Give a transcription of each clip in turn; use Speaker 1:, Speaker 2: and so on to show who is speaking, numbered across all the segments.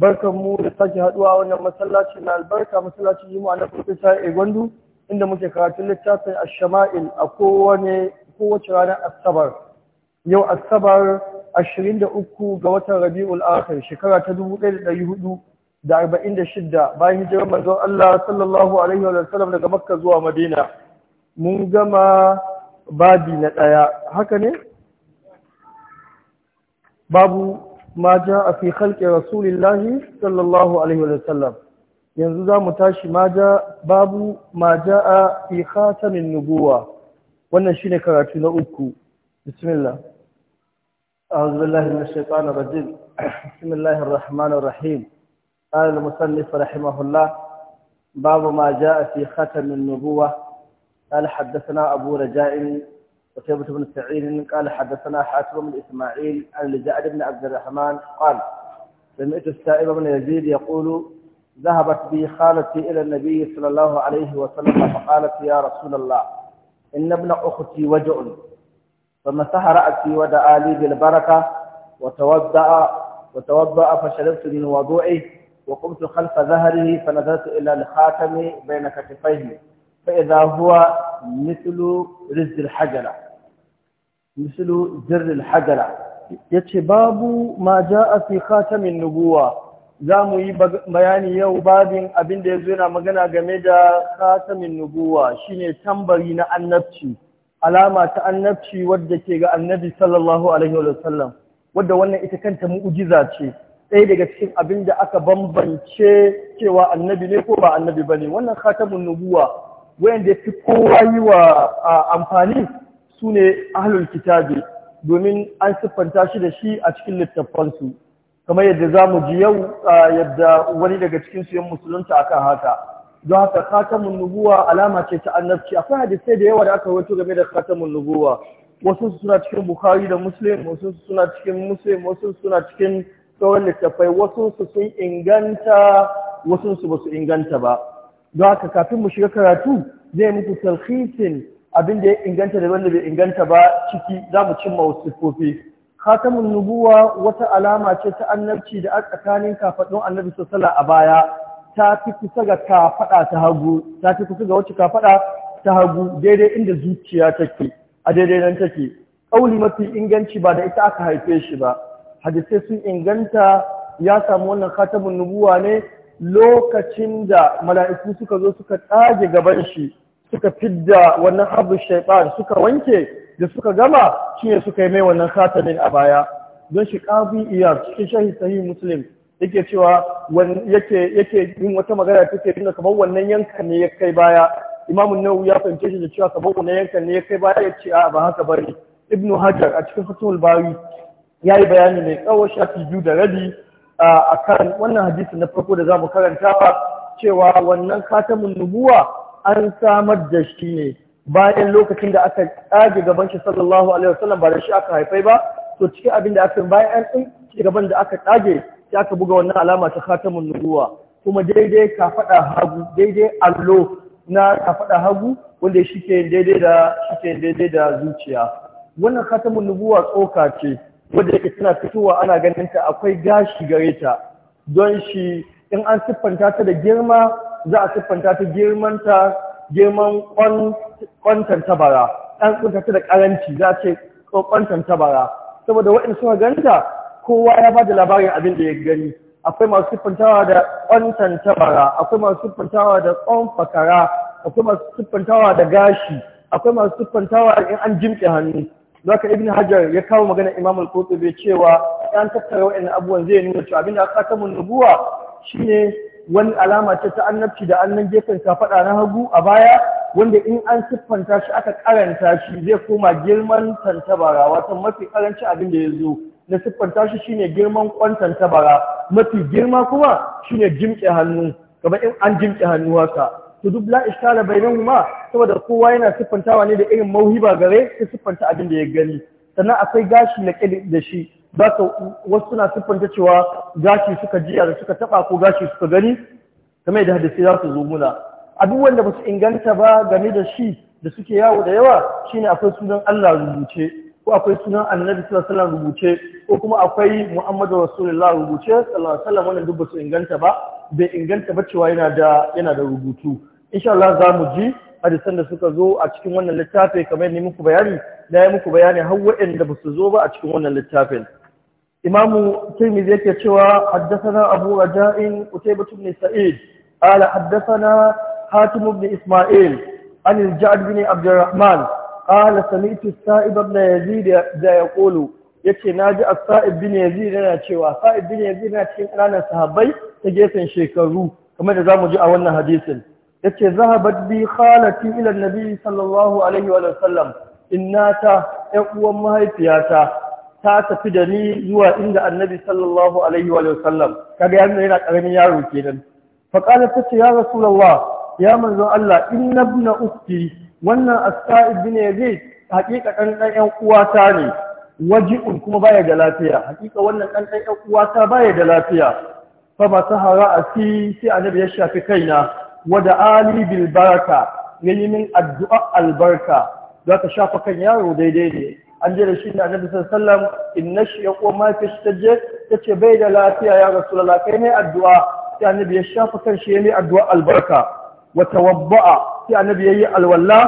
Speaker 1: barkan mu da sake haduwa wannan masallaci na albarka masallacin juma'a na ta a gwandu inda muke karatun littafin Shama'il a kowane kowace ranar asabar yau asabar 23 ga watan rabi'ul akhir shekara ta 1446 bayan hijirar manzon Allah sallallahu alaihi wa sallam daga makka zuwa madina mun gama babi na daya haka ne babu ma a fi khalqi rasulillahi sallallahu alaihi wa sallam yanzu za mu tashi maja babu maja a fi khatamin nubuwa wannan shine karatu na uku bismillah أعوذ بالله من الشيطان الرجيم بسم الله الرحمن الرحيم قال المصنف رحمه الله باب ما جاء في النبوة قال حدثنا أبو رجاء وشيبة بن سعيد قال حدثنا حاتم بن إسماعيل عن لجعد بن عبد الرحمن قال سمعت السائب بن يزيد يقول ذهبت بي خالتي إلى النبي صلى الله عليه وسلم فقالت يا رسول الله إن ابن أختي وجع فمسح رأسي ودعا لي بالبركة وتوضأ وتوضأ فشربت من وضوئه وقمت خلف ظهره فنظرت إلى الخاتم بين كتفيه فإذا هو مثل رز الحجرة mislu jirgin hajara ya ce babu ma ja a fi khatamin nubuwa za mu yi bayani yau babin abin da ya zo yana magana game da khatamin nubuwa shine tambari na annabci alama ta annabci wadda ke ga annabi sallallahu alaihi sallam wadda wannan ita kanta mu'ujiza ce ɗaya daga cikin abin da aka bambance cewa annabi ne ko ba annabi ba ne wannan khatamin nubuwa wayanda ya fi kowa yi wa amfani su ne ahlul kitabi domin an siffanta shi da shi a cikin littattafansu kamar yadda za mu ji yau yadda wani daga cikin siyan musulunta a kan haka don haka katamun nubuwa alama ce ta annabci akwai hadisai da yawa da aka wato game da katamun nubuwa wasu suna cikin bukhari da muslim wasu suna cikin muslim wasu suna cikin tsawon littattafai wasu su sun inganta wasu su basu inganta ba don haka kafin mu shiga karatu zai muku talhisin abin da ya inganta da wanda bai inganta ba ciki za mu cimma wasu kofi khatamun nubuwa wata alama ce ta annabci da a tsakanin kafadun annabi sallallahu a baya ta fi kusa ga kafada ta hagu ta fi kusa ga wacce kafada ta hagu daidai inda zuciya take a daidai nan take kauli mafi inganci ba da ita aka haife shi ba hadisai sun inganta ya samu wannan khatamun nubuwa ne lokacin da mala'iku suka zo suka tsage gaban shi suka fidda wannan habu shaitan suka wanke da suka gama shine suka yi mai wannan khatamin a baya don shi qazi iya cikin shahi sahih muslim yake cewa yake yin wata magana ta ke nuna kamar wannan yankan ne ya kai baya imamu nawawi ya fahimce shi da cewa kamar wannan yankan ne ya kai baya ya ce a ba haka bari ibnu hajar a cikin fatul bari ya yi bayani mai tsawo shafi biyu da rabi a kan wannan hadisi na farko da za mu karanta cewa wannan katamin nubuwa an samar da shi ne bayan lokacin da aka tsage gaban shi sallallahu alaihi wasallam ba da shi aka haifai ba to cikin abin da aka bayan an tsage gaban da aka tsage sai aka buga wannan alama ta khatamun nubuwa kuma daidai ka faɗa hagu daidai allo na ka faɗa hagu wanda shi ke daidai da daidai da zuciya wannan khatamun nubuwa tsoka ce wanda yake tana fitowa ana ganin ta akwai gashi gare ta don shi in an siffanta ta da girma za a siffanta ta girman ta girman kwantar tabara kunta ta da karanci za a ce kwantar tabara saboda waɗanda suka ganta kowa ya ba da labarin abin da ya gani akwai masu siffantawa da kwantar tabara akwai masu siffantawa da tsawon fakara akwai masu siffantawa da gashi akwai masu siffantawa da in an jimke hannu Zaka Ibn Hajar ya kawo magana Imam al cewa 'Yan tattara wa'annan abubuwan zai nuna cewa abinda aka saka mun nubuwa shine wani alama ce ta annabci da annan gefen kafaɗa na hagu a baya wanda in an siffanta shi aka karanta shi zai koma girman tantabara wato mafi karanci abin da ya zo na siffanta shi shine girman kwan tantabara mafi girma kuma shine jimke hannu kaba in an jimke hannu haka to duk la iskala bainahuma saboda kowa yana siffantawa ne da irin mauhiba gare sai siffanta abin da ya gani sannan akwai gashi na da shi za ka wasu suna siffanta cewa gashi suka jiya da suka taba ko gashi suka gani kamar da hadisi za su zo muna abubuwan da ba su inganta ba game da shi da suke yawo da yawa shine akwai sunan Allah rubuce ko akwai sunan Annabi sallallahu alaihi rubuce ko kuma akwai Muhammadu Rasulullah rubuce sallallahu alaihi wasallam wannan duk ba su inganta ba bai inganta ba cewa yana da da rubutu insha Allah za mu ji hadisan da suka zo a cikin wannan littafin kamar ne muku bayani na yi muku bayani har waɗanda ba su zo ba a cikin wannan littafin إمام تيمي يكتشوى حدثنا أبو رجاء قتيبة بن سعيد قال حدثنا حاتم بن إسماعيل عن الجعد بن عبد الرحمن قال سمعت السائب بن يزيد ذا يقول yace naji as-sa'ib bin yazid yana cewa Sa'id bin yazid yana cikin ƙananan sahabbai ta gefen shekaru kamar da zamu ji a wannan hadisin yace zahabat bi khalati ila an-nabi sallallahu alaihi wa sallam Inna ta, ya uwan mahaifiyata ta tafi da ni zuwa inda annabi sallallahu alaihi wa sallam kaga yanzu yana karamin yaro kenan fa qala tace ya rasulullah ya manzon Allah inna ibn ukti wannan as-sa'id bin yazid hakika kan dan yan uwata ne waji'un kuma baya da lafiya hakika wannan dan dan yan uwata baya da lafiya fa ba sahara asi sai annabi ya shafi kaina wa da ali bil baraka yayi min addu'a albarka zaka shafa kan yaro daidai ne an je da shi a annabi sallallahu inna shi ya koma ta shtaje tace bai da lafiya ya rasu. kai mai addu'a sai annabi ya shafa kanshi yayi addu'a albarka wa tawabba'a sai annabi yayi alwalla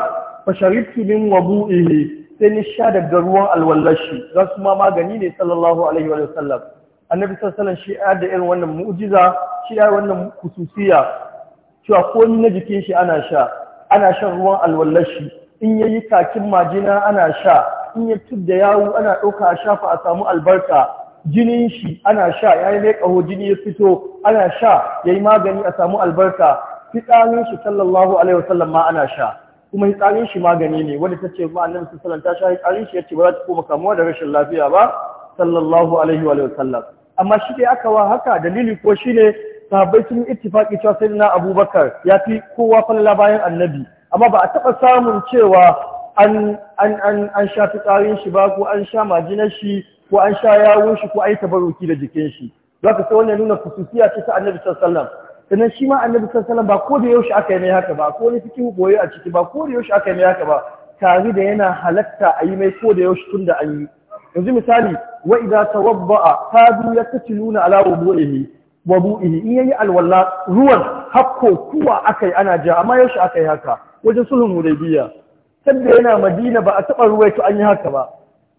Speaker 1: fa sharibtu min wudu'ihi sai ni sha daga ruwan alwallashi za su ma magani ne sallallahu alaihi wa sallam annabi sallallahu alaihi shi da irin wannan mu'jiza shi da wannan kususiya cewa ko na jikin shi ana sha ana shan ruwan alwallashi in yayi kakin majina ana sha in ya tudda yawu ana ɗauka a shafa a samu albarka jinin shi ana sha yayi ne ƙaho jini ya fito ana sha yayi magani a samu albarka fitsarin shi sallallahu alaihi wasallam ma ana sha kuma hitsarin shi magani ne wanda ta ce ma annabi sallallahu ta sha hitsarin shi ba za ta koma kamuwa da rashin lafiya ba sallallahu alaihi wa sallam amma shi dai aka wa haka dalili ko shine sahabbai sun ittifaki cewa sayyidina Abubakar ya fi kowa falala bayan annabi amma ba a taɓa samun cewa an sha fitsarin shi ba ko an sha majinar shi ko an sha yawon shi ko yi tabaruki da jikin shi zaka sai wannan nuna kususiya ce ta Annabi sallallahu alaihi wasallam sannan shi ma Annabi sallallahu alaihi ba ko da yaushe aka yi mai haka ba ko ne cikin boye a ciki ba ko da yaushe aka yi mai haka ba tare da yana halatta a yi mai ko da yaushe tun da an yi yanzu misali wa idza tawabba'a kadu yaktiluna ala wudu'ihi wabu'ihi in yayi alwala ruwan hakko kuwa akai ana ja amma yaushe akai haka wajen sulhun hudaybiya sanda yana madina ba a taɓa ruwaito an yi haka ba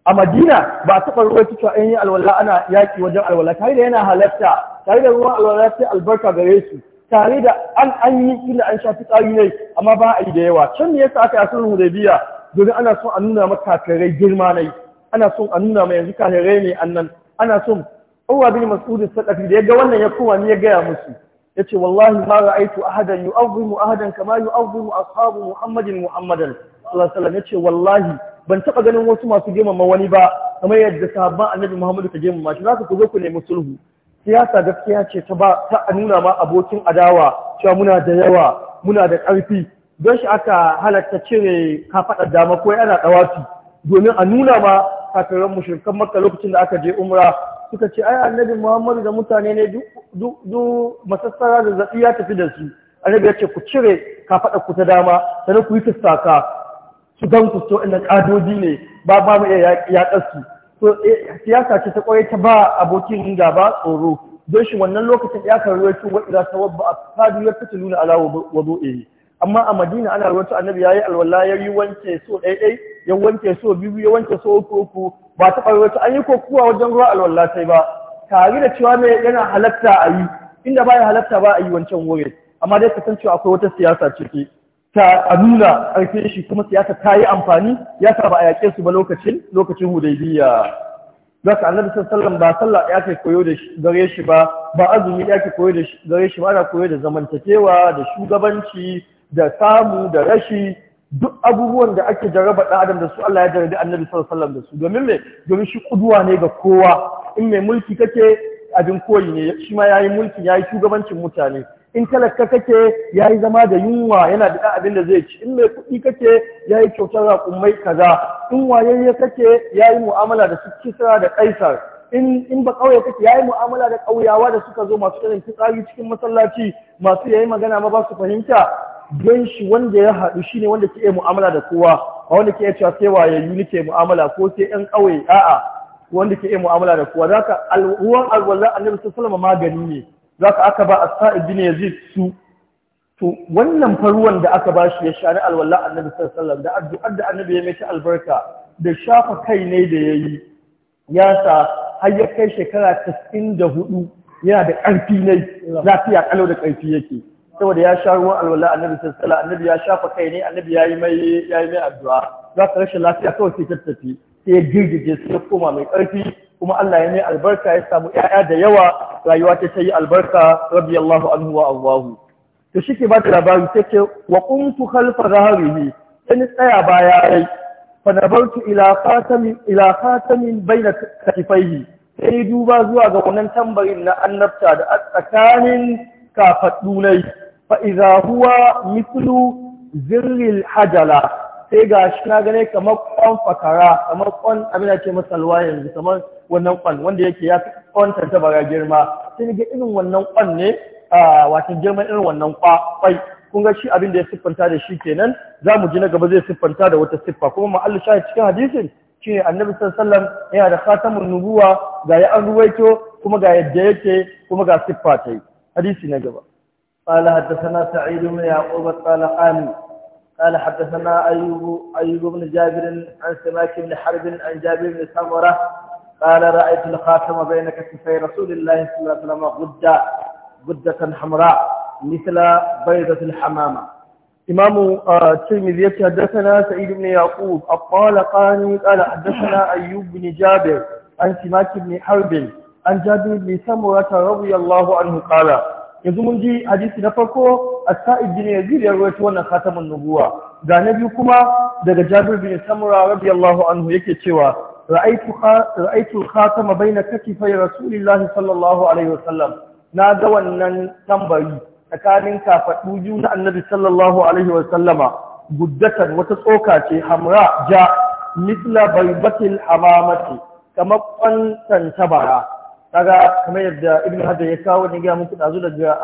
Speaker 1: a madina ba a taɓa ruwaito cewa an yi alwala ana yaƙi wajen alwala tare da yana halatta tare da ruwan alwala sai albarka gare su tare da an an yi kila an shafi tsari ne amma ba a yi da yawa can ne yasa aka yi sulhun hudaybiya domin ana son a nuna ma kafirai girma ne ana son a nuna ma yanzu kafirai ne annan ana son Uwa bin Mas'ud Sadafi da ga wannan ya koma ne ya gaya musu yace wallahi ma ra'aytu ahadan yu'azzimu ahadan kama yu'azzimu ashabu Muhammadin Muhammadan sallallahu ya ce wallahi ban taɓa ganin wasu masu girmama wani ba kamar yadda sahabban annabi Muhammadu ka girmama shi za ku zo ku nemi sulhu siyasa gaskiya ce ta ba ta nuna ma abokin adawa cewa muna da yawa muna da ƙarfi don shi aka halatta cire kafaɗar dama ko ana ɗawafi domin a nuna ma kafiran mushrikan makka lokacin da aka je umra suka ce ai annabi muhammadu da mutane ne duk masassara da zaɓi ya tafi da su annabi ya ce ku cire kafaɗar ku ta dama sannan ku yi tattaka su kusto ku so inda ƙadoji ne ba ba mu iya eh, siyasa ce ta kwaye ta ba abokin ba tsoro don shi wannan lokacin ya kan ruwaito wa ira a ashabi ya fitilu na ala amma a Madina ana ruwaito annabi yayi alwala ya yi wanke so ɗai ɗai ya wanke so biyu ya wanke so uku uku ba ta ta, an yi kokuwa wajen ruwa alwala sai ba tare da cewa mai yana halatta a yi inda baya halatta ba a yi wancan wurin amma dai cewa akwai wata siyasa ciki ta a nuna ƙarfin shi kuma siyasa ta yi amfani ya sa ba a yaƙe su ba lokacin lokacin hudaybiya za ka annabi sallan ba sallah ya ke koyo da gare shi ba ba azumi ya ke koyo da gare shi ba ana koyo da zamantakewa da shugabanci da samu da rashi duk abubuwan da ake jaraba ɗan adam da su Allah ya jarabi annabi sallan da su domin me domin shi kuduwa ne ga kowa in mai mulki kake abin koyi ne shi ma yi mulki ya yi shugabancin mutane in talaka kake ya yi zama da yunwa yana da abin da zai ci in mai kuɗi kake ya yi kyautar raƙummai kaza in wayayye kake ya yi mu'amala da su kisra da kaisar in ba ƙauye kake ya yi mu'amala da ƙauyawa da suka zo masu irin fitsari cikin masallaci masu yayi magana ma ba su fahimta don shi wanda ya haɗu shine wanda ke iya mu'amala da kowa a wanda ke iya cewa sai wayayyu nake mu'amala ko sai ɗan ƙauye a'a wanda ke iya mu'amala da kowa zaka ruwan alwala annabi sallallahu alaihi wasallam magani ne za ka aka ba a sa'id bin zai su to wannan faruwan da aka ba shi ya sha na alwala annabi sallallahu da addu'ar da annabi ya mace albarka da shafa kai ne da yayi ya sa har ya kai shekara 94 yana da ƙarfi ne lafiya kalau da ƙarfi yake saboda ya sha ruwan alwala annabi sallallahu annabi ya shafa kai ne annabi yayi mai yayi mai addu'a za ka rashin lafiya kawai sai ta tafi sai ya girgije sai ya koma mai ƙarfi kuma Allah ya mai albarka ya samu ‘ya'ya da yawa rayuwa ta ta yi albarka rabbi Allahu anhu wa Allahu. To shi ke ba ta labari ta ce wa kuntu khalfa zaharihi ɗani tsaya baya rai fa nabartu ila khatamin ila khatamin baina katifaihi sai duba zuwa ga wannan tambarin na annabta da tsakanin kafaɗunai fa idza huwa mithlu zirril hajala sai ga shi na gane kamar kwan fakara kamar kwan abin da ke masalwa yanzu kamar wannan kwan wanda yake ya kwan ta bara girma sai ga irin wannan kwan ne a wato girman irin wannan kwai kun ga shi abin da ya siffanta da shi kenan za mu ji na gaba zai siffanta da wata siffa kuma ma'allu shahid cikin hadisin shine annabi sallallahu alaihi wasallam yana da khatamun nubuwa ga ya an ruwaito kuma ga yadda yake kuma ga siffa ta yi hadisi na gaba قال حدثنا سعيد بن يعقوب قال قال قال حدثنا أيوب أيوب بن جابر عن سماك بن حرب عن جابر بن سمرة قال رأيت الخاتم بين كتفي رسول الله صلى الله عليه وسلم غدة غدة حمراء مثل بيضة الحمامة إمام آه، الترمذي حدثنا سعيد بن يعقوب الطالقاني قال حدثنا أيوب بن جابر عن سماك بن حرب عن جابر بن سمرة رضي الله عنه قال yanzu mun ji hadisi na farko A said jini yazid ya rawaito wannan khatamun nubuwa ga na biyu kuma daga jabir bin samura radiyallahu anhu yake cewa ra'aytu ra'aytu khatama baina katifai rasulillahi sallallahu alaihi wasallam na ga wannan tambari tsakanin kafaɗu biyu na annabi sallallahu alaihi wasallama guddatan wata tsoka ce hamra ja misla baybatil hamamati kamar kwantan bara! kaga kamar yadda ibn hajar ya kawo ne ga muku dazu daga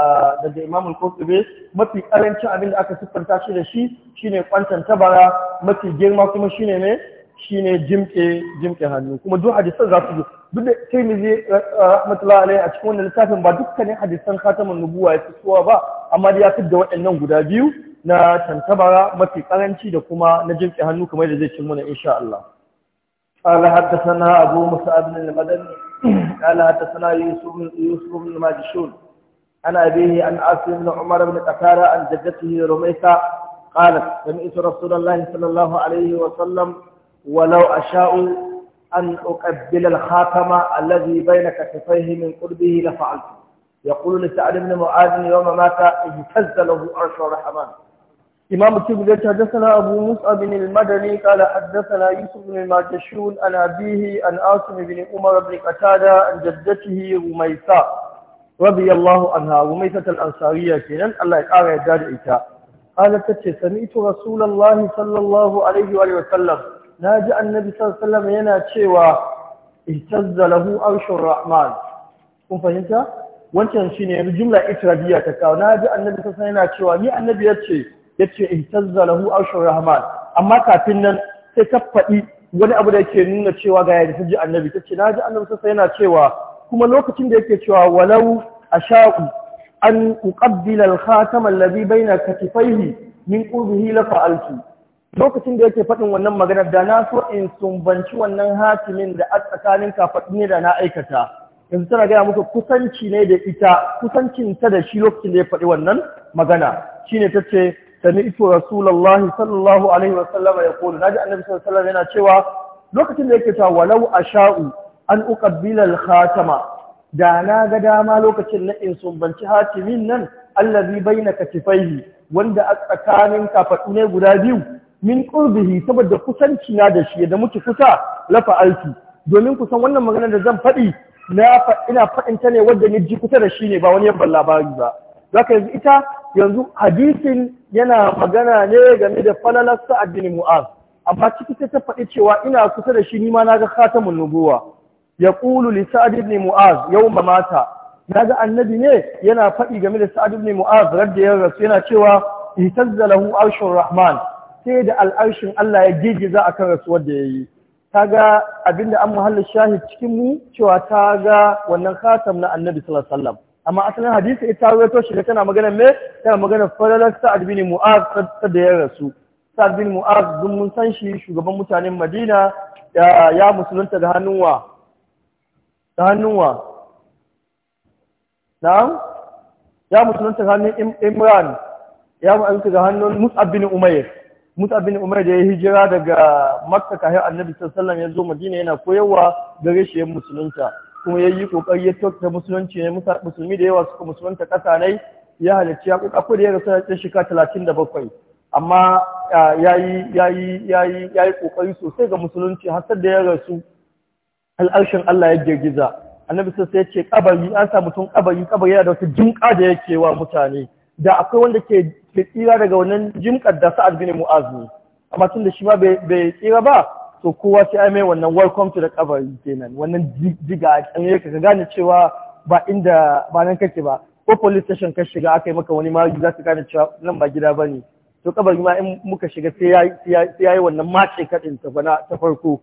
Speaker 1: daga imam al-qurtubi mafi karancin abin da aka siffanta shi da shi shine kwantan tabara mafi girma kuma shine ne shine jimke jimke hannu kuma duk hadisan za su zo duk da tirmidhi eh, eh, rahmatullahi alaihi a cikin wannan littafin ba dukkanin hadisan khatamun nubuwa ya fitowa ba amma dai ya fitar waɗannan guda biyu na tantabara mafi karanci da kuma na jimke hannu kamar da zai cin mana insha Allah قال حدثنا أبو مصعب المدني قال حدثنا يوسف يوسف بن ماجشون عن أبيه عن عاصم بن عمر بن قتادة عن جدته رميسة قالت سمعت رسول الله صلى الله عليه وسلم ولو أشاء أن أقبل الخاتم الذي بين كتفيه من قربه لفعلت يقول لسعد بن معاذ يوم مات اهتز له عرش الرحمن إمام الترمذي حدثنا أبو مصعب بن المدني قال حدثنا يوسف بن الماكشون عن أبيه عن عاصم بن عمر بن قتادة عن جدته رميسة رضي الله عنها رميسة الأنصارية كنن الله يقارع دار إتا قال تتشي سمعت رسول الله صلى الله عليه وآله وسلم ناجع النبي صلى الله عليه وسلم ينا تشيوا اهتز له أرش الرحمن كن فهمت؟ wancan shine yanzu jumla isra'iliya ta kawo na ji annabi sassan yana cewa ni annabi ya ce Ya ce in ihtazza lahu arshin rahman amma kafin nan sai ta faɗi wani abu da yake nuna cewa ga yadda ji annabi Ta ce na ji annabi sassa yana cewa kuma lokacin da yake cewa walau a Sha'u an uqabbila al labi bai na katifaihi min qurbihi la fa'alki lokacin da yake faɗin wannan magana, da na so in sumbanci wannan hatimin da a tsakanin kafaɗi ne da na aikata yanzu tana gaya muku kusanci ne da ita kusancinta da shi lokacin da ya faɗi wannan magana shine ce. sami'tu rasulullahi sallallahu alaihi wasallam yaqulu naji annabi sallallahu alaihi yana cewa lokacin da yake cewa walau asha'u an uqabbila al-khatama da na ga dama lokacin na in sumbanci hatimin nan allazi baina katifaihi wanda a tsakanin kafadu ne guda biyu min qurbihi saboda kusanci na da shi da muke kusa la fa'alti domin kusan wannan magana da zan faɗi na ina faɗin ta ne wanda ni ji kusa da shi ne ba wani yabban labari ba zaka yanzu ita yanzu hadisin yana magana ne game da falalar sa'ad bin mu'az amma ciki sai ta faɗi cewa ina kusa da shi ni ma naga khatamun nubuwa yaqulu li sa'ad bin mu'az yawma mata naga annabi ne yana faɗi game da sa'ad bin mu'az da ya rasu yana cewa itazzalahu arshur rahman sai da al'arshin Allah ya gigiza akan rasuwar da yayi kaga abinda an muhallin shahid cikin mu cewa ta ga wannan khatam na annabi sallallahu amma asalin hadisi ita wato shi tana magana me tana magana falalar sa'ad bin mu'az da ya rasu sa'ad bin mu'az dun mun san shi shugaban mutanen madina ya musulunta da hannuwa da hannuwa na'am ya musulunta da hannun imran ya musulunta da hannun mus'ab bin umayr mus'ab bin umayr da ya hijira daga makka kafin annabi sallallahu alaihi wasallam ya zo madina yana koyarwa gare shi ya musulunta kuma ya yi kokari ya kyauta musulunci ne musulmi da yawa suka musulunta ƙasa ne ya halarci ya kuka da ya rasu ya shika talatin da bakwai amma ya yi kokari sosai ga musulunci har da ya rasu al'arshin Allah ya girgiza annabi sai ya ce kabari an sa mutum kabari kabari yana da wata jinka da yake wa mutane da akwai wanda ke tsira daga wannan jimkar da sa'ad bin mu'az ne amma tun da shi ma bai tsira ba To kowa sai ai mai wannan welcome to the kabari kenan wannan jiga a kan ka gane cewa ba inda ba nan kake ba ko police station ka shiga aka yi maka wani ma za ka gane cewa nan ba gida ba ne to kabari ma in muka shiga sai ya yi wannan mace kaɗin ta farko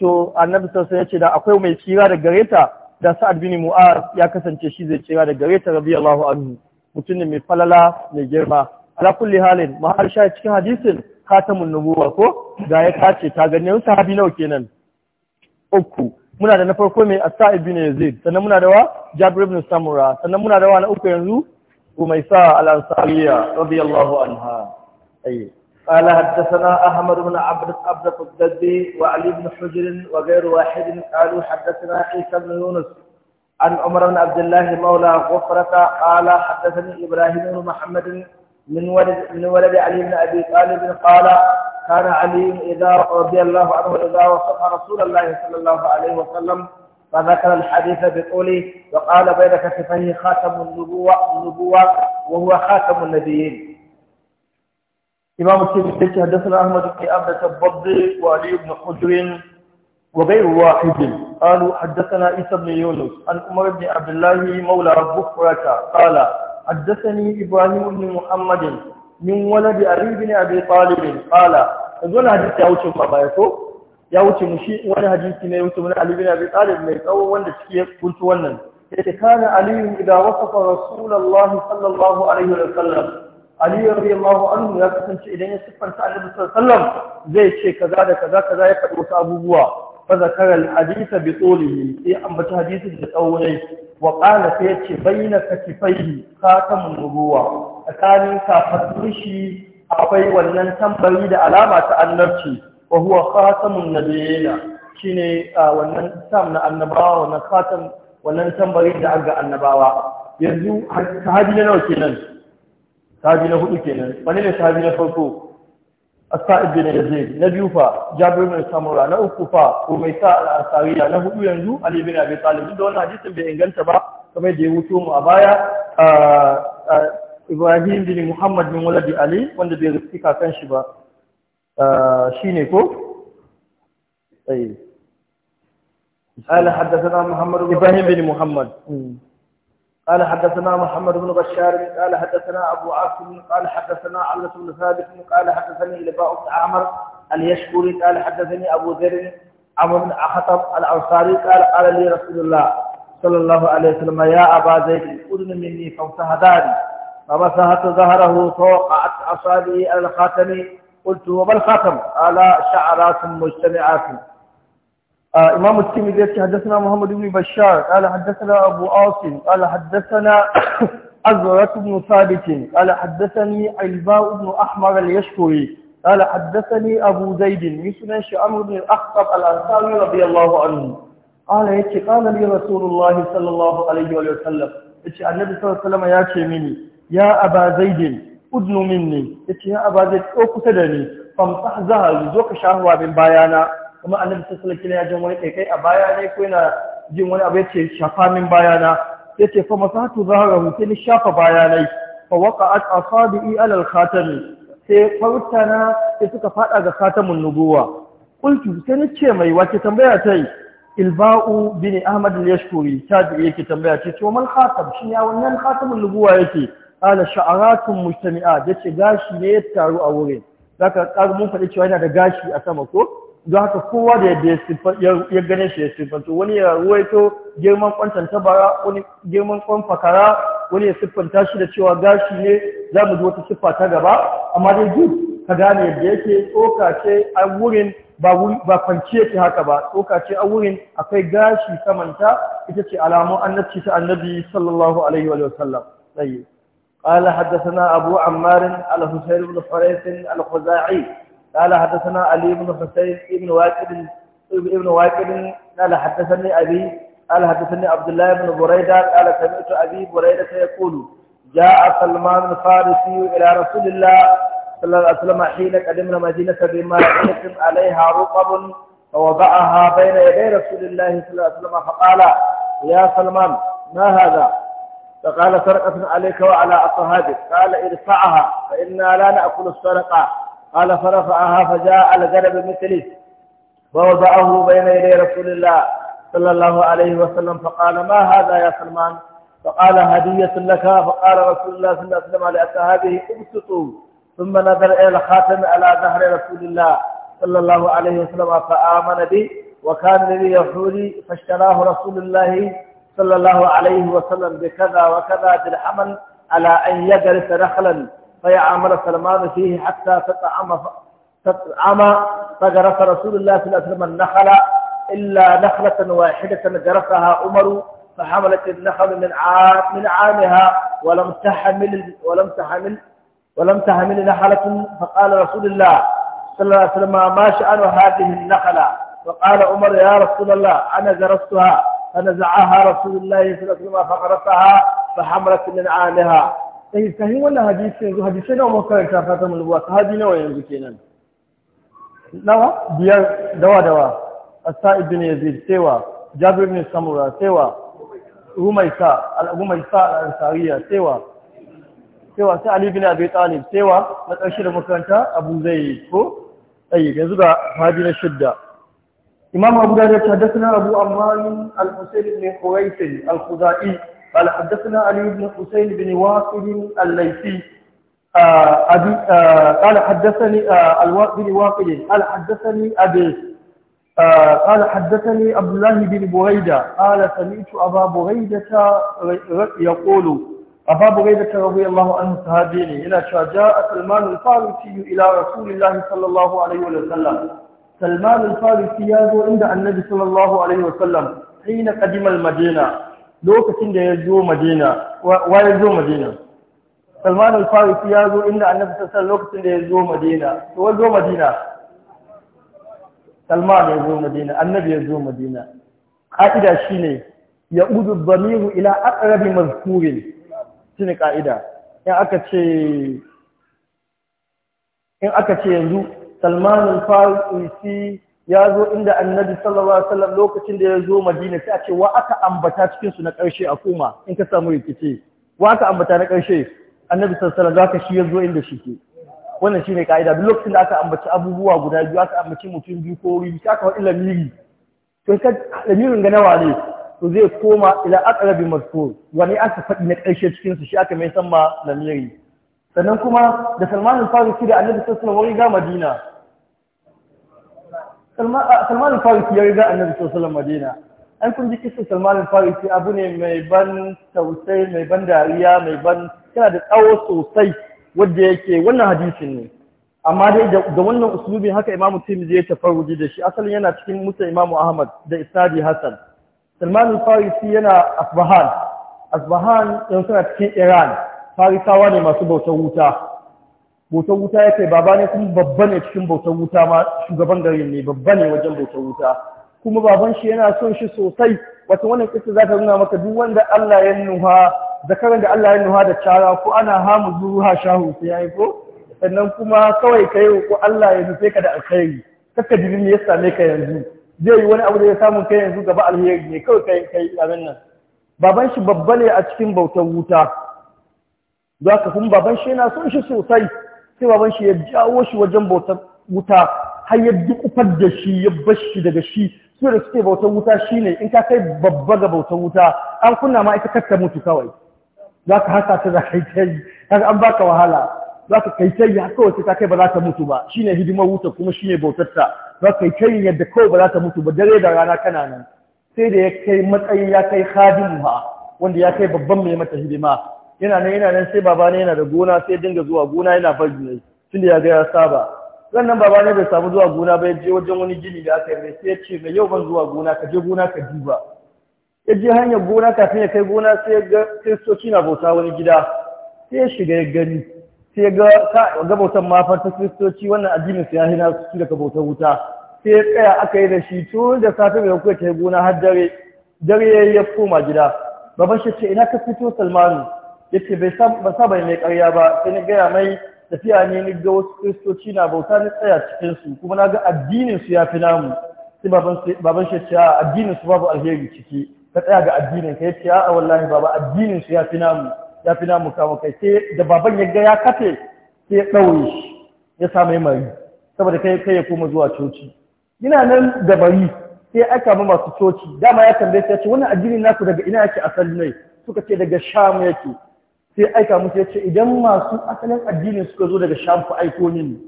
Speaker 1: to annabi sassan ya ce da akwai mai tsira da gareta da sa'ad bin mu'az ya kasance shi zai kira da gareta radiyallahu anhu mutum ne mai falala mai girma ala kulli halin mahar sha cikin hadisin khatamun nubuwa ko ga ya kace ta ganin sahabi nawa kenan uku muna da na farko mai asa ibn yazid sannan muna da wa jabir ibn samura sannan muna da wa na uku yanzu umaysa al-ansariya radiyallahu anha ayi قال حدثنا أحمد بن عبد عبد الضبي وعلي بن حجر وغير واحد قالوا حدثنا عيسى بن يونس عن عمر بن عبد الله مولى غفرة قال حدثني إبراهيم بن محمد من ولد من ولد علي بن ابي طالب قال كان علي اذا رضي الله عنه اذا وصف رسول الله صلى الله عليه وسلم فذكر الحديث بطوله وقال بين كتفيه خاتم النبوة النبوة وهو خاتم النبيين إمام الشيخ حدثنا أحمد بن ابي الضبي وعلي بن حجر وغير واحد قالوا حدثنا عيسى بن يونس عن عمر بن عبد الله مولى ربك قال حدثني ابراهيم بن محمد من ولد علي بن a طالب قال يقول حديث يا وچن بابا يتو يا وچن شي وني حديث ني وچن من علي بن ابي طالب مي تو وند شي كنت wannan yace kana ali idan wasafa rasulullahi sallallahu alaihi wasallam ali radiyallahu anhu ya kasance idan ya siffanta annabi sallallahu zai ce kaza da kaza kaza ya faɗi wasu abubuwa fa zakara al hadith bi tulihi sai an bata hadisi da tsawon wa ƙala sai ce bayyana katifai katamun ruwa a tsanin kafin shi akwai wannan tambari da alama ta annabci wa huwa katamun na biyayya shi ne wannan sam na annabawa wannan katam wannan tambari da aga annabawa yanzu sahabi nawa kenan sahabi na kenan wani ne sahabi na farko as bin yazid na biyu fa jabir bin samura na uku fa umaysa al-ansariya na hudu yanzu ali bin abi talib duk da wannan hadisin bai inganta ba kamar da ya wuto mu a baya ibrahim bin muhammad bin waladi ali wanda bai rufi kakan shi ba shine ko sai Ala حدثنا محمد بن ابراهيم بن محمد قال حدثنا محمد بن بشار قال حدثنا أبو عاصم قال حدثنا علي بن ثابت قال حدثني لباء بن عامر اليشكري قال حدثني أبو ذر عمرو بن خطب الأنصاري قال قال لي رسول الله صلى الله عليه وسلم يا أبا زيد أذن مني هداني فمسحت ظهره فوقعت أصابعي على الخاتم قلت وما الخاتم قال شعرات مجتمعات إمام الترمذي حدثنا محمد بن بشار قال حدثنا أبو عاصم قال حدثنا أزرة بن ثابت قال حدثني علباء بن أحمر اليشكري قال حدثني أبو زيد مثل شعمر بن الأخطب الأنصاري رضي الله عنه قال يتي قال لي رسول الله صلى الله عليه وسلم يتي النبي صلى الله عليه وسلم ياتي مني يا أبا زيد أدن مني يتي يا أبا زيد أو كتدني فامسح زهري زوك شهوة من بيانا kuma annabi sallallahu alaihi wasallam ya jin wani kai a baya ne ko yana jin wani abu yace shafa min baya na yace fa masatu zaharahu sai ni shafa baya na fa waqa'at asabi'i ala al-khatam sai fartana sai suka fada ga khatamun nubuwa qultu sai ni ce mai wace tambaya tai ilba'u bin ahmad al-yashkuri tabi yake tambaya ce to mal khatam shi ya wannan khatamun nubuwa yake ala sha'aratun mujtami'a yace gashi ne ya taru a wurin zaka kaga mun faɗi cewa yana da gashi a sama ko don haka kowa da yadda ya gane shi ya siffanta wani ya ruwaito girman kwantan tabara wani girman kwan fakara wani ya siffanta shi da cewa gashi ne za mu ji wata siffa ta gaba amma dai duk ka gane yadda yake tsoka ce a wurin ba kwanci yake haka ba tsoka ce a wurin akwai gashi samanta ita ce alamun annabci ta annabi sallallahu alaihi wa sallam tsaye قال حدثنا أبو عمار الحسين بن حريث الخزاعي قال حدثنا علي بن حسين ابن واكد ابن واكد قال حدثني أبي قال حدثني عبد الله بن بريدة قال سمعت أبي بريدة يقول جاء سلمان الفارسي إلى رسول الله صلى الله عليه وسلم حين قدمنا مدينة بمائية عليها رطب فوضعها بين يدي رسول الله صلى الله عليه وسلم فقال يا سلمان ما هذا فقال سرقة عليك وعلى أصحابك قال ارفعها فإنا لا نأكل السرقة قال فرفعها فجاء القرب مثله ووضعه بين يدي رسول الله صلى الله عليه وسلم فقال ما هذا يا سلمان فقال هدية لك فقال رسول الله صلى الله عليه وسلم لأصحابه ابسطوا ثم نظر إلى الخاتم على ظهر رسول الله صلى الله عليه وسلم فآمن به وكان لي يحولي فاشتراه رسول الله صلى الله عليه وسلم بكذا وكذا درحما على أن يدرس نخلا فيعامل سلمان فيه حتى تطعم تطعم فجرس رسول الله صلى الله عليه وسلم النخل إلا نخلة واحدة جرسها عمر فحملت النخل من عام من عامها ولم تحمل ولم تحمل ولم تحمل نخلة فقال رسول الله صلى الله عليه وسلم ما شأن هذه النخلة فقال عمر يا رسول الله أنا جرستها فنزعها رسول الله صلى الله عليه وسلم فغرسها فحملت من عامها sai eh, sahin wannan hadisi yanzu hadisai nawa muka karanta fatan mulbuwa sahabi nawa yanzu kenan nawa biyar dawa dawa asa ibn yazid sewa jabir ibn samura sewa rumaisa al-rumaisa al-ansariya sewa sewa sai ali ibn abi talib sewa na ƙarshe da makaranta abu zai ko ayi yanzu ga sahabi na shidda imam abu dawud ya ce hadathana abu ammar al-husayn ibn quraysh al-khuzai قال حدثنا علي بن حسين بن واقد الليثي أبي قال حدثني بن واقد قال حدثني أبي قال حدثني عبد الله بن بريدة قال سمعت أبا بريدة يقول أبا بريدة رضي الله عنه صحابيني إلى شجاء سلمان الفارسي إلى رسول الله صلى الله عليه وسلم سلمان الفارسي يازو عند النبي صلى الله عليه وسلم حين قدم المدينة lokacin da ya zo madina wa ya zo madina salman al-farisi ya zo inda annabi sassan lokacin da ya zo madina to wa zo madina salman ya zo madina annabi ya zo madina ka'ida shine ya udu dhamiru ila aqrabi mazkurin shine ka'ida in aka ce in aka ce yanzu salman al-farisi ya zo inda annabi sallallahu alaihi wasallam lokacin da ya zo madina sai a ce wa aka ambata cikin su na karshe a koma in ka samu rikici wa aka ambata na karshe annabi sallallahu alaihi wasallam zaka shi ya zo inda shi ke wannan shine kaida duk lokacin da aka ambaci abubuwa guda biyu aka ambaci mutum biyu ko wuri aka faɗi lamiri to ka lamirin ga nawa ne to zai koma ila aqrabi mazkur wani aka faɗi na karshe cikin su shi aka mai san lamiri sannan kuma da Salman al-Farisi da annabi sallallahu alaihi wasallam ga Madina salman al-farisi ya riga annabi sallallahu madina an kun ji kisan salman al-farisi abu ne mai ban tausai mai ban dariya mai ban yana da tsawo sosai wanda yake wannan hadisin ne amma dai da wannan usulubi haka imamu tirmidhi ya tafarruji da shi asalin yana cikin musa imamu ahmad da isnadi Hassan. salman al-farisi yana asbahan asbahan yau suna cikin iran farisawa ne masu bautar wuta bautar wuta ya kai, baba ne kuma babba ne cikin bautar wuta ma shugaban garin ne babba ne wajen bautar wuta kuma baban shi yana son shi sosai wata wannan kisa za ta nuna maka duk wanda Allah ya nuha zakaran da Allah ya nuha da cara ko ana hamu zuruha shahu sai yayi ko sannan kuma kawai kai ko Allah ya nufe ka da alkhairi kaka jirin ya same ka yanzu zai yi wani abu da ya samu kai yanzu gaba alheri ne kawai kai kai abin nan baban shi babba ne a cikin bautar wuta zaka kuma baban shi yana son shi sosai sai baban shi ya jawo shi wajen bautar wuta har ya dukufar da shi ya bar shi daga shi su da suke bautar wuta shine in ka kai babba ga bautar wuta an kunna ma ita katta mutu kawai za ka hasa ta za ka yi an baka wahala za ka kai tayi har kawai ta kai ba za ta mutu ba shine hidimar wuta kuma shine bautar ta za ka kai yadda kawai ba za ta mutu ba dare da rana kana nan sai da ya kai matsayi ya kai khadimuha wanda ya kai babban mai mata hidima yana nan yana nan sai babana yana da gona sai dinga zuwa gona yana fari ne tunda ya ga ya saba sannan babana bai samu zuwa gona ba ya je wajen wani gini da aka yi mai sai ya ce mai yau ban zuwa gona ka je gona ka duba ya je hanyar gona kafin ya kai gona sai ya ga kristoci na bauta wani gida sai ya shiga ya gani sai ya ga bautan mafar ta kristoci wannan addinin su ya hina su daga bautar wuta sai ya tsaya aka yi da shi tun da safe mai kuka ta gona har dare dare ya koma gida baban shi ce ina ka fito salmanu yace bai saba mai karya ba sai ni gaya mai tafiya ne ni ga wasu kristoci na bauta ni tsaya cikin su kuma na ga addinin su ya fi namu sai baban shi ce addinin su babu alheri ciki ka tsaya ga addinin ka yace a'a wallahi baba addinin su ya fi namu ya fi namu kama kai sai da baban ya ga ya kafe sai ya ɗaure shi ya mai mari saboda kai kai ya koma zuwa coci ina nan da bari sai aka ma masu coci dama ya tambaye ta ce wannan addinin naku daga ina yake asali ne suka ce daga sham yake sai aika musu ya ce idan masu asalin addinin suka zo daga sham ku aiko mini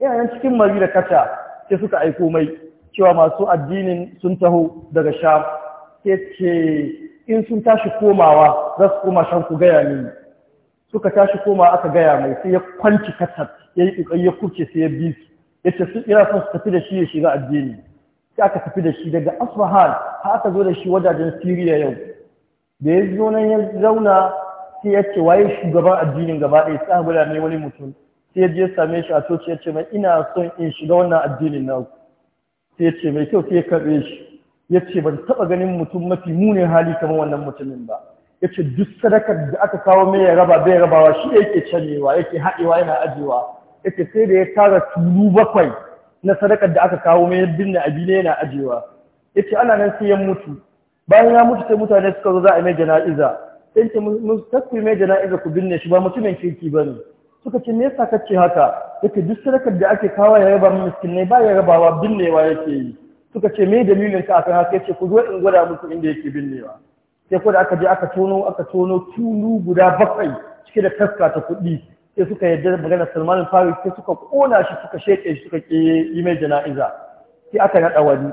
Speaker 1: yana cikin mari da kata sai suka aiko mai cewa masu addinin sun taho daga sham sai ce in sun tashi komawa za su koma sham ku gaya mini suka tashi koma aka gaya mai sai ya kwanci katar ya yi ƙoƙari ya kurce sai ya bi su ya ce sun son su tafi da shi ya shiga addini sai aka tafi da shi daga asfahan har aka zo da shi wajajen siriya yau da ya zo nan ya zauna sai ya ce waye shugaban addinin gaba ɗaya sai guda ne wani mutum sai je same shi a coci ya ce mai ina son in shiga wannan addinin na sai ya ce mai kyau sai ya karɓe shi ya ce ban taɓa ganin mutum mafi munin hali kamar wannan mutumin ba ya ce duk sadakar da aka kawo mai ya raba bai rabawa shi yake canewa yake haɗewa yana ajewa ya sai da ya tara tulu bakwai na sadakar da aka kawo mai binne abi ne yana ajewa Yace ana nan sai ya mutu bayan ya mutu sai mutane suka zo za a mai jana'iza sai ce mun tasku mai jana'iza ku binne shi ba mutumin kirki ba ne suka ce me yasa kace haka yake duk sadakar da ake kawo ya raba ne ba ya wa binnewa yake yi suka ce me dalilin ka akan haka yace ku zo in gwada muku inda yake binnewa sai ko da aka je aka tono aka tono tulu guda bakwai cike da kaska ta kuɗi sai suka yarda magana Salmanin Faris sai suka kona shi suka sheke shi suka ke yi mai jana'iza sai aka naɗa wani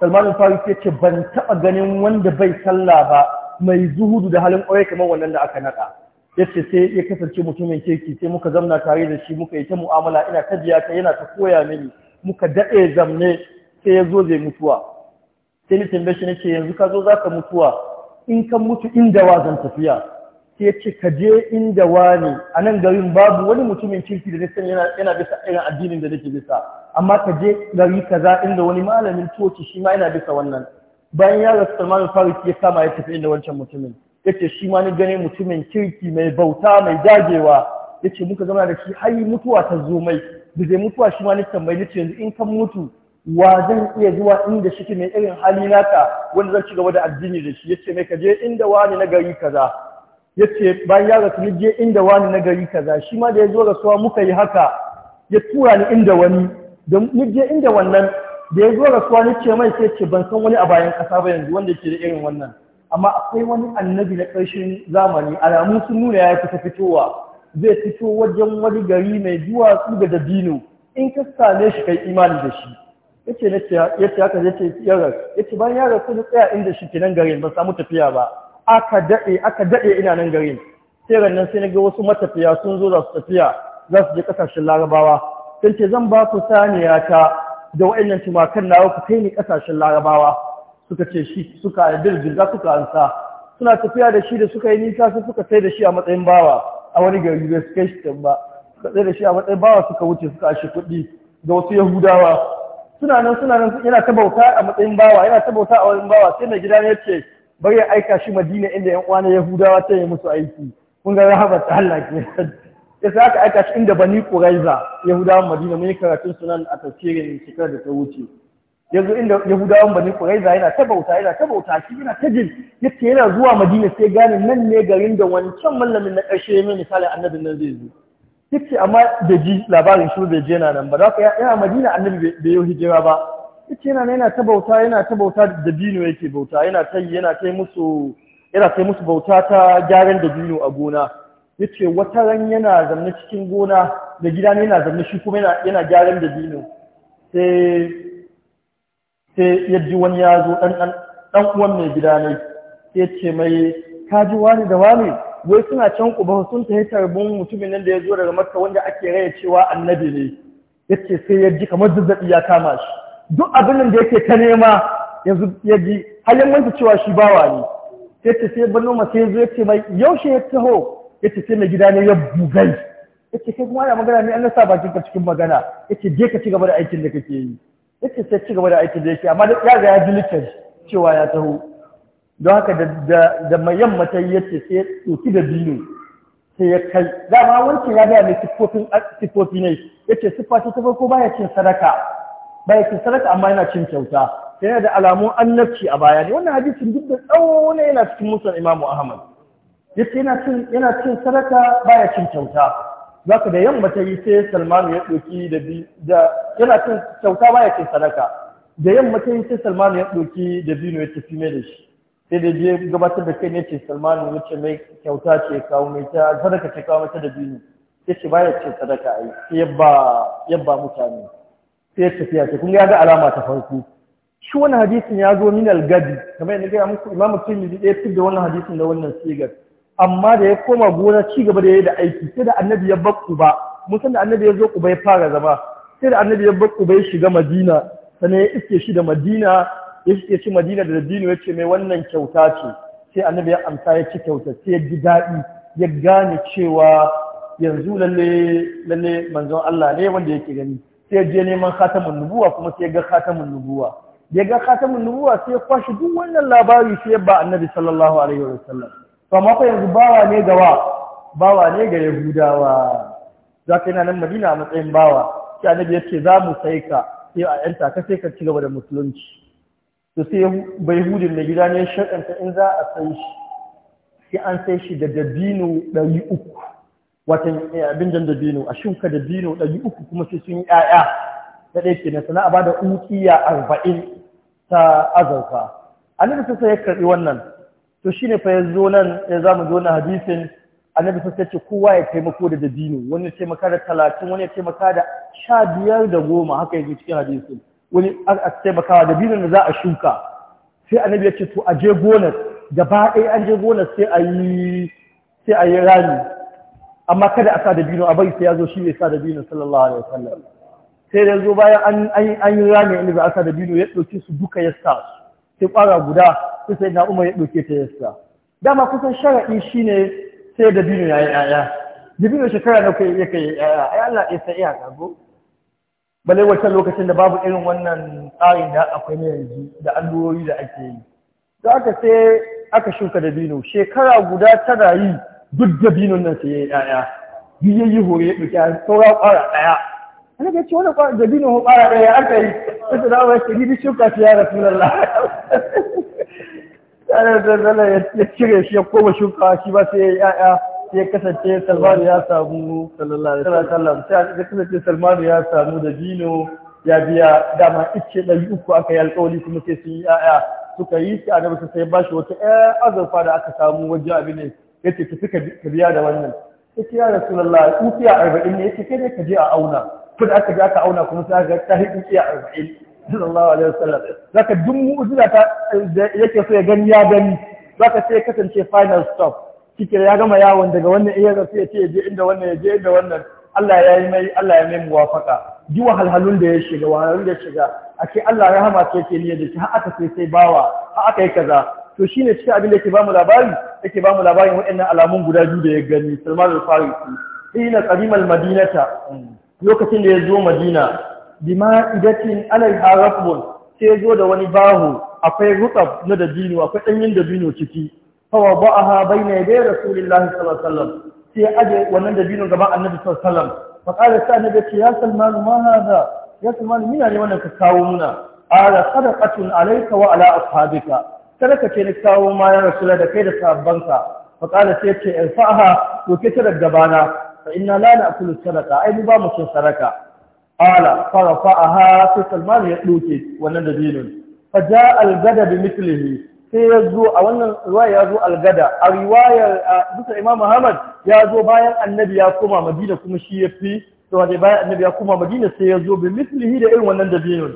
Speaker 1: Salman faruk sai ce ban taɓa ganin wanda bai sallah ba mai zuhudu da halin ƙwarai kamar wannan da aka naɗa yace sai ya kasance mutumin kirki sai muka zamna tare da shi muka yi ta mu'amala ina ta biya ta yana ta koya mini muka daɗe zamne sai ya zo zai mutuwa sai ni tambaye shi nace yanzu ka zo zaka mutuwa in kan mutu inda wa zan tafiya sai ya ce ka je inda wa ne a nan garin babu wani mutumin kirki da nisan yana yana bisa irin addinin da nake bisa amma ka je gari kaza inda wani malamin coci shi ma yana bisa wannan bayan ya rasu salman farisi ya kama ya tafi inda wancan mutumin ce shi ma ni gane mutumin kirki mai bauta mai dagewa Ya ce muka zama da shi har mutuwa ta zo mai da zai mutuwa shi ma ni tambayi ce yanzu in kan mutu wa zan iya zuwa inda shi mai irin hali naka wanda zan ci gaba da addini da shi Ya ce mai ka je inda wani na gari kaza ce bayan ya rasu ni je inda wani na gari kaza shi ma da ya zo rasuwa muka yi haka ya tura ni inda wani don ni je inda wannan da ya zo rasuwa ni ce mai sai ce ban san wani a bayan ƙasa ba yanzu wanda ke da irin wannan amma akwai wani annabi na ƙarshen zamani alamu sun nuna ya fita fitowa zai fito wajen wani gari mai duwatsu da dabino in ka same shi kai imani da shi yace ya yace haka yace yarar yace bayan yarar sun tsaya inda shi ke nan gari, ba samu tafiya ba aka dade aka dade ina nan garin sai rannan sai naga wasu matafiya sun zo za su tafiya za su je kasashen larabawa sun ce zan ba ku saniya ta da wa'annan tumakan nawa ku kai ni kasashen larabawa suka ce shi suka za suka ansa suna tafiya da shi da suka yi nisa su suka sai da shi a matsayin bawa a wani gari da suka shi ba suka sai da shi a matsayin bawa suka wuce suka ashe kuɗi ga wasu yahudawa suna nan suna nan yana ta bauta a matsayin bawa yana ta bauta a wurin bawa sai mai gida ne ce bari ya aika shi madina inda yan uwa na yahudawa ta yi musu aiki kun ga rahaba ta halaka ya sa aka aika shi inda bani ƙuraiza yahudawan madina mun yi karatun sunan a tafsirin shekarar da ta wuce yanzu inda yahudawan bani ƙuraiza yana ta bauta yana ta bauta shi yana ta jin yana zuwa madina sai gane nan ne garin da wancan mallamin na ƙarshe mai misalin annabin nan zai zo yake amma da ji labarin shi zai je nan ba za ka yana madina annabi bai yi hijira ba yake yana yana ta bauta yana ta bauta da yake bauta yana ta yana musu bauta ta gyaran da a gona yace wata ran yana zanne cikin gona da gida ne yana zanne shi kuma yana gyaran da dino sai sai ji wani ya zo ɗan uwan mai gida ne sai yace mai kaji wani da wani wai suna can kuba sun yi tarbin mutumin nan da ya zo daga maka wanda ake raya cewa annabi ne yace sai ji kamar zazzabi ya kama shi duk abin da yake ta nema yanzu yaji halin manta cewa shi bawa ne sai ce sai banoma sai zo ce mai yaushe ya taho yace sai mai gida ne ya bugai yace kai kuma ana magana ne an nasa bakin ka cikin magana yace je ka ci gaba da aikin da kake yi yace sai ci gaba da aikin da yake amma da ya ga ya cewa ya taho don haka da mai yamma ta yace sai ya da biyu sai ya kai ma wancan ya ga mai sifofin ne yace sifa ta farko baya cin sadaka baya cin sadaka amma yana cin kyauta yana da alamun annabci a baya ne wannan hadisin duk da tsawo ne yana cikin musan imamu ahmad yace yana cin yana cin sadaka baya cin kyauta zaka da yamma ta yi sai Salman ya doki da bi da yana cin kyauta baya cin sadaka da yamma ta yi sai Salman ya doki da bino ne tafi mai da shi sai da je gabatar da kai ne ce Salman ya ce mai kyauta ce kawo mai ta sadaka ce kawo mata da bino yace baya cin sadaka ai yabba yabba mutane sai ya tafiya ce kun ga alama ta farko shi wannan hadisin ya zo min al-gadi kamar yadda ga muku imamu Tirmidhi ya fitar da wannan hadisin da wannan sigar amma da ya koma gona ci gaba da yayi da aiki sai da annabi ya bar Quba mun san da annabi ya zo kuba ya fara zama sai da annabi ya bar Quba ya shiga Madina sannan ya iske shi da Madina ya iske shi Madina da Dino ya ce mai wannan kyauta ce sai annabi ya amsa ya ci kyauta sai ya ji daɗi ya gane cewa yanzu lalle lalle manzon Allah ne wanda yake gani sai je neman khatamun nubuwa kuma sai ga khatamun nubuwa ya ga khatamun nubuwa sai ya kwashi duk wannan labari sai ya ba annabi sallallahu alaihi sallam. amma fa yanzu bawa ne gawa bawa ne ga yahudawa za ka yana nan madina a matsayin bawa a nabi ya ce za mu sai ka sai a yanta ka sai ka ci gaba da musulunci to sai bai hudin na gida ne shaɗanta in za a sai shi sai an sai shi da dabino ɗari uku watan eh, abin jan dabino a shuka dabino ɗari uku kuma sai sun yi ƴaƴa na ɗaya kenan sannan a bada ukiya arba'in ta azauka annabi sai ya karɓi wannan to shine fa zo nan ya zamu zo na hadisin annabi sai ce kowa ya taimako da dabino wani ya taimaka da talatin wani ya taimaka da sha biyar da goma haka yake cikin hadisin wani a taimakawa dabino da za a shuka sai annabi ya ce to a je gonar gaba ɗaya an je gonar sai a yi sai amma kada a sa dabino a bai sai ya zo shi ne sa dabino sallallahu alaihi wasallam sai da zo bayan an yi rami inda ba a sa dabino ya ɗauki su duka ya sa sai ƙwara guda sai sai na umar ya ɗauke ta yasta dama kusan sharaɗi ne sai da bino ya yi ƴaƴa dibino shekara na kai ya yi ƴaƴa ai Allah ya sai iya gago balai wancan lokacin da babu irin wannan tsarin da akwai na yanzu da allurori da ake yi da aka sai aka shuka dabino shekara guda tana yi duk dabinon nan sai ya yi ƴaƴa duk ya yi hore ya ɗauki saura ƙwara ɗaya ana ga ce wani kwa dabino ho ƙara ɗaya aka yi sai da wai sai gidi shuka shi ya rasulullah sai da zalla ya cire shi ya koma shuka shi ba sai ya'ya ya kasance salmanu ya samu sallallahu alaihi wasallam sai kasance salmanu ya samu dabino ya biya dama icce ɗari uku aka yi alƙawari kuma sai sun yi ya'ya suka yi sai annabi sai ba shi wata ƴar azurfa da aka samu wajen abin ne Ya ce ki suka biya da wannan sai ya rasulullah ukiya arba'in ne yace kai ne ka je a auna kuma aka ga aka auna kuma sai ga ta hidu iya arba'in sallallahu alaihi wasallam zaka duk mu'jiza ta yake so ya gani ya gani zaka sai kasance final stop kike ya gama yawon daga wannan iya sai ya ce je inda wannan ya je inda wannan Allah ya yi mai Allah ya mai muwafaka ji wahalhalun da ya shiga wahalhalun da ya shiga a ce Allah ya hama ce ke niyyar da shi har aka sai sai bawa har aka yi kaza to shine cikin abin da yake bamu labari yake bamu labarin waɗannan alamun guda biyu da ya gani Salman al-Farisi Ina qadimal madinata lokacin da ya zo madina bima idatin alaiha rafbun sai zo da wani bahu akwai rukab na dabino akwai danyen dabino ciki fawa ba'aha bayna yaday rasulillahi sallallahu alaihi wasallam sai aje wannan dabino gaban annabi sallallahu alaihi wasallam fa qala sa annabi ya salman ma hada ya salman mina ne wannan ka kawo muna ala sadaqatun alayka wa ala ashabika sadaka ce ne kawo ma ya rasula da kai da sahabbanka fa qala sai ce irfa'aha to ke ta daga fa inna la na'kulu sadaqa ai mu ba mu cin sadaka qala fa rafa'aha sai Salman ya doke wannan dabinin fa ja'a al-gada bi mithlihi sai ya zo a wannan riwaya ya zo al-gada a riwayar bisa Imam Muhammad ya zo bayan Annabi ya koma Madina kuma shi ya fi to dai bayan Annabi ya koma Madina sai ya zo bi mithlihi da irin wannan dabinin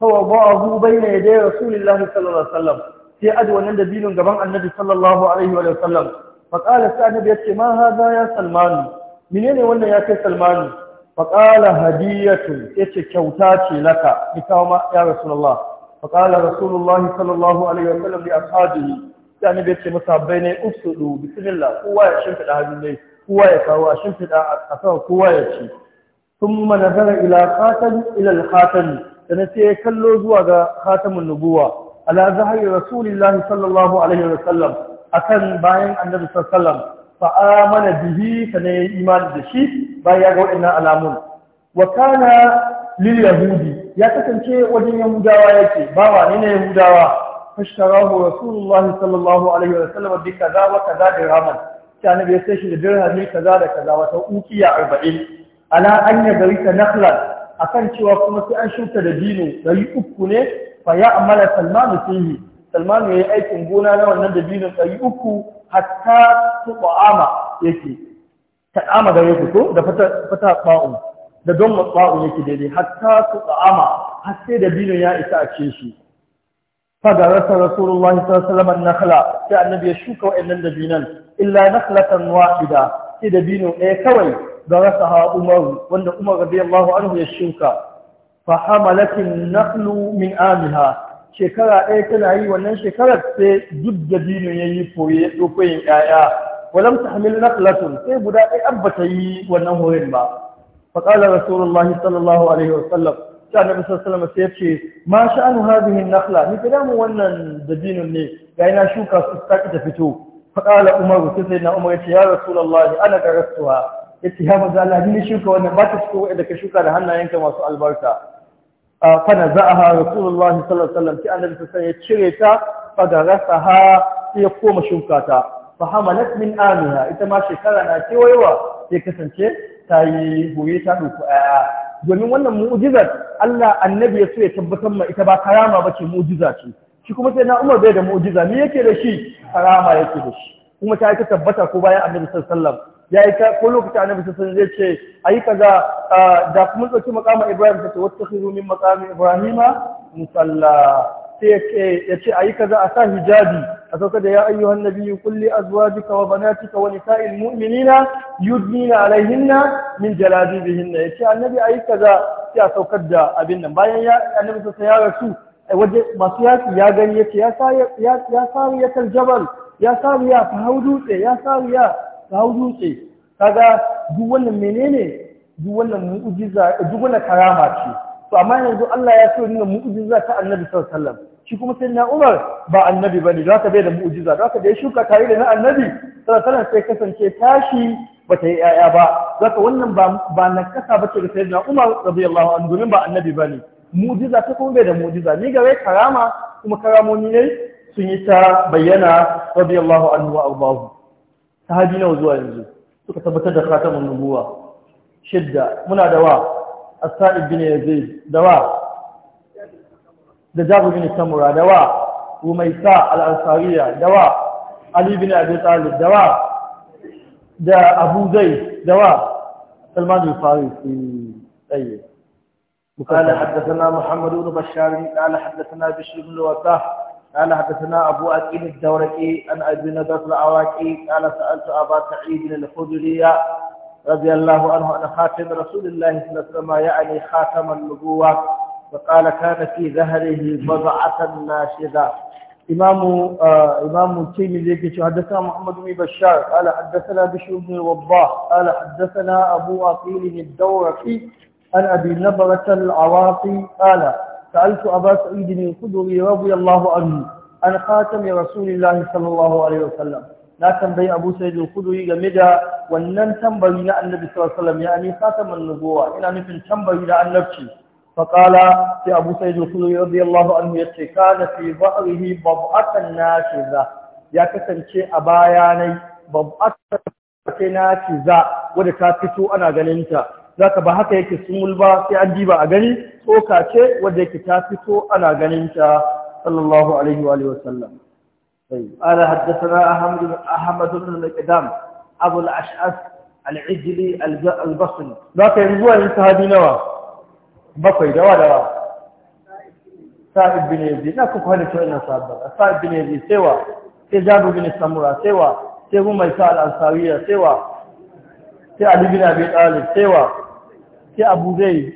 Speaker 1: fa wada'ahu bayna yaday Rasulillahi sallallahu alaihi wasallam sai aji wannan dabinin gaban Annabi sallallahu alaihi wa sallam fa qala sai Annabi ya ce ma hadha ya Salman menene wannan ya kai salmani? faƙala hadiyatun ya ce kyauta ce laka ni kawo ma ya rasulullah faƙala rasulullah sallallahu alaihi wa sallam li ashabihi sai annabi ya ce musabbai ne usudu bismillah kowa ya shimfida hannu ne kowa ya kawo a shimfida a sama kowa ya ci thumma nazara ila khatam ila al-khatam sai ya kallo zuwa ga khatamun nubuwa ala zahiri rasulillah sallallahu alaihi wa wasallam akan bayan annabi sallallahu alaihi wasallam fa mana bihi sannan ya yi imani da shi bayan ya ga waɗannan alamun wa kana lil yahudi ya kasance wajen yahudawa yake bawa ne na yahudawa fashtarahu rasulullahi sallallahu alaihi wa sallam bi kaza kaza dirhaman sai annabi sai shi da dirhami kaza da kaza wata ukiya 40 ala an yabarita nakhlan akan cewa kuma sai an shuka da dino uku ne fa ya amala salmanu fihi salmanu yayi aikin gona na wannan da dinin uku hatta su ba'ama yake ta'ama da yake ko da fata ba'u da don ba'u yake daidai hatta su ba'ama har sai da binin ya isa a cikin shi faga rasa rasulullahi sallallahu alaihi wasallam nakhla sai annabi ya shuka wa'annan dabinan illa nakhlatan wahida sai da bino ɗaya kawai ga rasa ha umaru wanda umar radiyallahu anhu ya shuka fa hamalatin nakhlu min amiha shekara ɗaya tana yi wannan shekarar sai duk da dino ya yi koye ya ɗauko yin ƴaƴa walam ta hamil sai guda ɗaya abba ta yi wannan horin ba Faƙalar qala rasulullahi sallallahu alaihi wasallam sai annabi sallallahu alaihi wasallam sai ya ce ma sha'anu hadhihi nakhla ni kada mu wannan da dino ne ga ina shuka su ta ta fito fa qala umar sai na umar ya ce ya rasulullahi ana garastuha yace ya maza Allah ni shuka wannan ba ta fito da ka shuka da hannayenka masu albarka fana za a ha rasulullahi sallallahu ta annabi sassan ya cire ta faga rasa ha ya koma shukata. ta fa hamalat min amina ita ma shekara na kewayewa ya kasance ta yi huye ta duku a domin wannan mu'jizar Allah annabi ya soya tabbatar ma ita ba karama ba ce mu'jiza ce shi kuma sai na umar bai da mu'jiza ni yake da shi karama yake da shi kuma ta yi ta tabbata ko bayan annabi ya yi ta ko lokuta annabi sun zai ce a yi kaza da kuma dauki makamin Ibrahim ta wattakhiru min maqami Ibrahima musalla sai ya ce ayi kaza a sa hijabi a sauka da ya ayyuhan nabiyyu kulli azwajika wa banatika wa nisa'il mu'minina yudnina alaihinna min jalabibihinna yace annabi a yi kaza sai a saukar da abin nan bayan ya annabi sai ya rasu waje masu yaki ya gani ya ce ya ya ya tarjabal ya samu ya hau dutse ya samu ya ka hau dutse kaga duk wannan menene duk wannan mu'jiza duk wannan karama ce to amma yanzu Allah ya so nuna mu'jiza ta Annabi sallallahu alaihi wasallam shi kuma sai na Umar ba annabi bane za ka bai da mu'jiza za ka da shuka tare da na annabi sallallahu alaihi sai kasance tashi bata yi yaya ba za ka wannan ba ba ce bace ga sayyidina Umar radiyallahu anhu domin ba annabi bane mu'jiza ta kuma bai da mu'jiza ni gare karama kuma karamoni ne sun yi ta bayyana radiyallahu anhu wa ardahu sahabi nawa zuwa yanzu suka tabbatar da khatamun nubuwa shidda muna da wa as-sa'id bin yazid da wa da jabu bin samura da wa umaysa al-ansariya da wa ali bin abi talib da wa da abu zai da wa salman al-farisi tayyib
Speaker 2: قال حدثنا
Speaker 1: محمد بن بشار قال حدثنا بشير بن وفاه قال حدثنا أبو أكيد الدوركي عن أبي نضر العواقي قال سألت أبا سعيد الخدري رضي الله عنه أن خاتم رسول الله صلى الله عليه وسلم يعني خاتم النبوة فقال كان في ظهره بضعة ناشدة إمام آه إمام الذي حدثنا محمد بن بشار قال حدثنا بشر بن وضاح قال حدثنا أبو أقيل الدوركي عن أبي نبرة العواطي قال سألت أبا سعيد الخدري رضي الله عنه عن خاتم رسول الله صلى الله عليه وسلم na tambayi Abu Sa'id al-Khudri game da wannan tambari na Annabi sallallahu alaihi wasallam yani khataman nubuwa ina nufin tambari da annabci fa qala sai Abu Sa'id al-Khudri radiyallahu anhu yace kana fi ba'rihi bab'atan nashiza ya kasance a bayanai bab'atan nashiza wanda ta fito ana ganinta. Za ka ba haka yake sumul ba sai an diba a gani tsoka ce wadda yake ta fito ana ganin ta sallallahu alaihi wa alihi wasallam sai ala haddathana ahmad ahmad bin al-qidam abu al-ash'as al-ijli al-basri zaka yanzu wani sahabi nawa bakwai dawa dawa sa'id bin yazid na ku kwana to ina sabba sa'id bin yazid sai wa sai jabu bin samura sai wa sai mai sa al-ansariya sai wa sai Ali bin Abi Talib cewa sai abu zai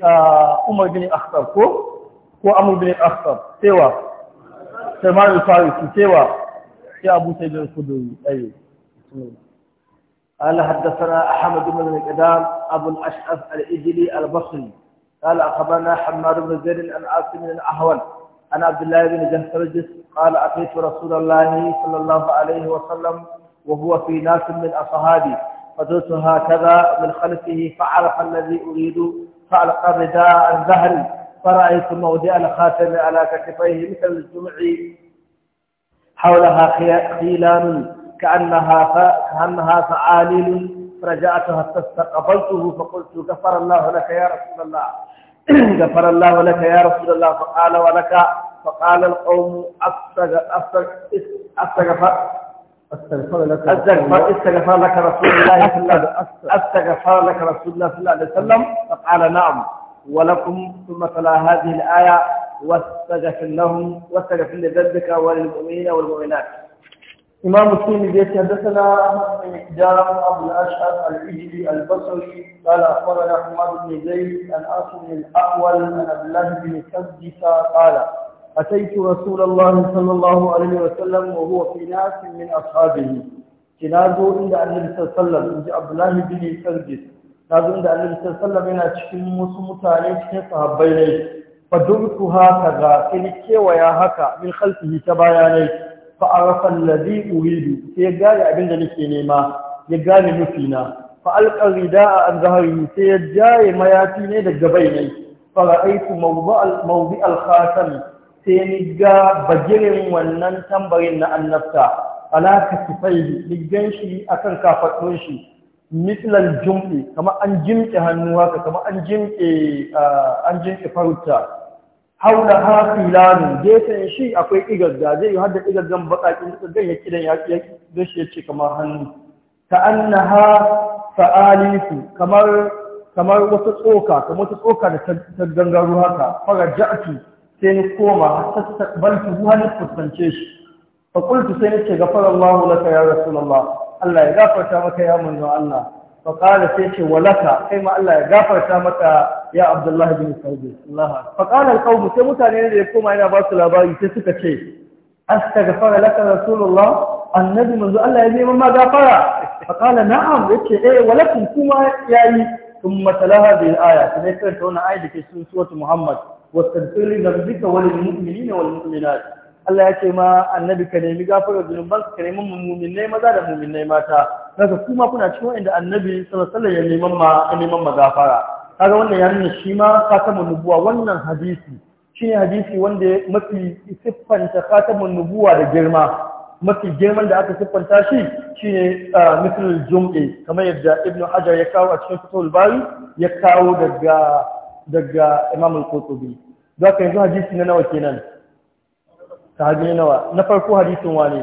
Speaker 1: umar bin akhtar ko ko amur bin akhtar sewa salman al-farisi sewa sai abu sai da kudu ayo قال حدثنا أحمد بن القدام أبو الأشعث الإجلي البصري قال أخبرنا حماد بن زيد عن عاصم بن الأحول عن عبد الله بن جهرجس قال أتيت رسول الله صلى الله عليه وسلم وهو في ناس من أصحابه فدوت هكذا من خلفه فعرف الذي أريد فعلق الرداء الذهل فرأيت موضع الخاتم على كتفيه مثل الجمع حولها خيلان كأنها كأنها فعاليل فرجعت حتى استقبلته فقلت غفر الله لك يا رسول الله غفر الله لك يا رسول الله فقال ولك فقال القوم أستغفر استغفر لك استغفر استغفر لك رسول الله صلى الله عليه وسلم استغفر لك رسول الله صلى الله عليه وسلم فقال نعم ولكم ثم تلا هذه الآية واستغفر لهم واستغفر لذنبك وللمؤمنين والمؤمنات إمام مسلم بيت حدثنا أحمد بن حجام أبو الأشعر الإجري البصري قال أخبرنا حماد بن زيد عن عاصم الأول عن عبد الله بن كبدس قال أتيت رسول الله صلى الله عليه وسلم وهو في ناس من أصحابه كنازو عند النبي صلى الله عليه وسلم عند عبد الله بن سرجس نازو عند النبي صلى الله عليه وسلم أنا تشكي مسمو تاني تشكي صحابي لي فدرت هكذا كنكي ويا هكا من خلفه تباياني فعرف الذي أريد سيقال أبن ذلك نيما يقال نفينا فألقى الرداء عن ظهره سيجاي ما ياتيني دقبيني فرأيت موضع, موضع الخاتم sai ni ga bagirin wannan tambarin na annabta alaka tufai ni gan shi akan kafaɗon shi mislan jum'i kamar an jimke hannu haka kamar an jimke an jimke farutta haula ha filanu gefen shi akwai igagga zai yi hadda igaggan bakakin duka yake dan yaki yaki gashi ya ce kamar hannu ta annaha fa'alifu kamar kamar wata tsoka kamar wata tsoka da ta gangaro haka faraja'tu sai ni koma baltu har ni fuskance shi fa qultu sai ce gafara Allahu laka ya rasulullah Allah ya gafarta maka ya manzo Allah fa qala sai ce walaka kai ma Allah ya gafarta maka ya Abdullah bin Saud Allah fa qala alqawm sai mutane da ya koma yana ba su labari sai suka ce astaghfara laka rasulullah annabi manzo Allah ya nemi ma gafara fa qala na'am yace eh walakin kuma yayi ثم تلاها بالآية فذكرت هنا آية في سورة Muhammad. wani لذنبك na والمؤمنات Allah ya ce ma annabi ka nemi gafarar zunuban ka nemi ne maza da ne mata kaga kuma kuna cikin inda annabi sallallahu alaihi wasallam ya neman ma gafara kaga wannan ya nuna shi ma katamun nubuwa wannan hadisi Shi ne hadisi wanda mafi siffanta katamun nubuwa da girma mafi girman da aka siffanta shi shine misalul jum'i kamar yadda ibnu hajar ya kawo a cikin fatul bari ya kawo daga daga Imam al-Qurtubi don haka yanzu hadisi na nawa kenan sahabi na nawa na farko hadisin wani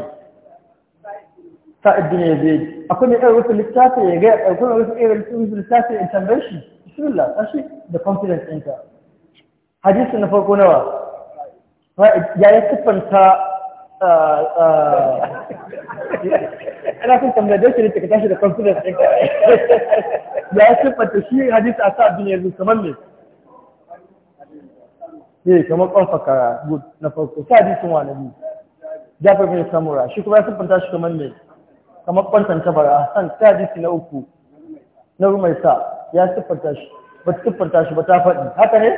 Speaker 1: sa'id bin Yazid akwai ne irin rufin littafi ya ga akwai ne irin rufin littafi in tambaye shi bismillah tashi da confidence ɗinka hadisin na farko nawa ya ya siffanta ina kun tambayar da shirin ka tashi da confidence ɗinka ya siffanta shi hadisi a sa'ad bin Yazid kamar me eh kamar kwanfaka gud na farko sai hadisin wa nabi Jafar bin Samura shi kuma ya siffanta shi kamar me kamar kwantan kabara san sai hadisi na uku na sa ya siffanta shi ba ta siffanta shi ba ta faɗi haka ne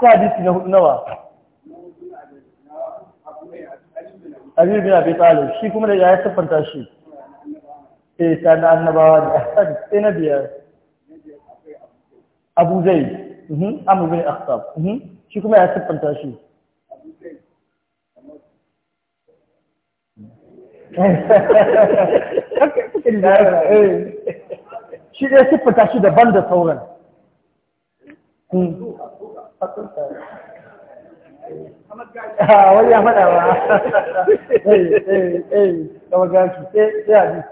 Speaker 1: sai hadisi na hudu nawa Ali bin Abi Talib shi kuma da ya siffanta shi eh ta na annabawa ne ahsan sai na biyar Abu zai. mhm Amr bin Akhtab mhm. shi kuma ya siffanta shi shi ɗaya siffanta shi daban da sauran
Speaker 2: wani ya faɗa ba
Speaker 1: kama gashi sai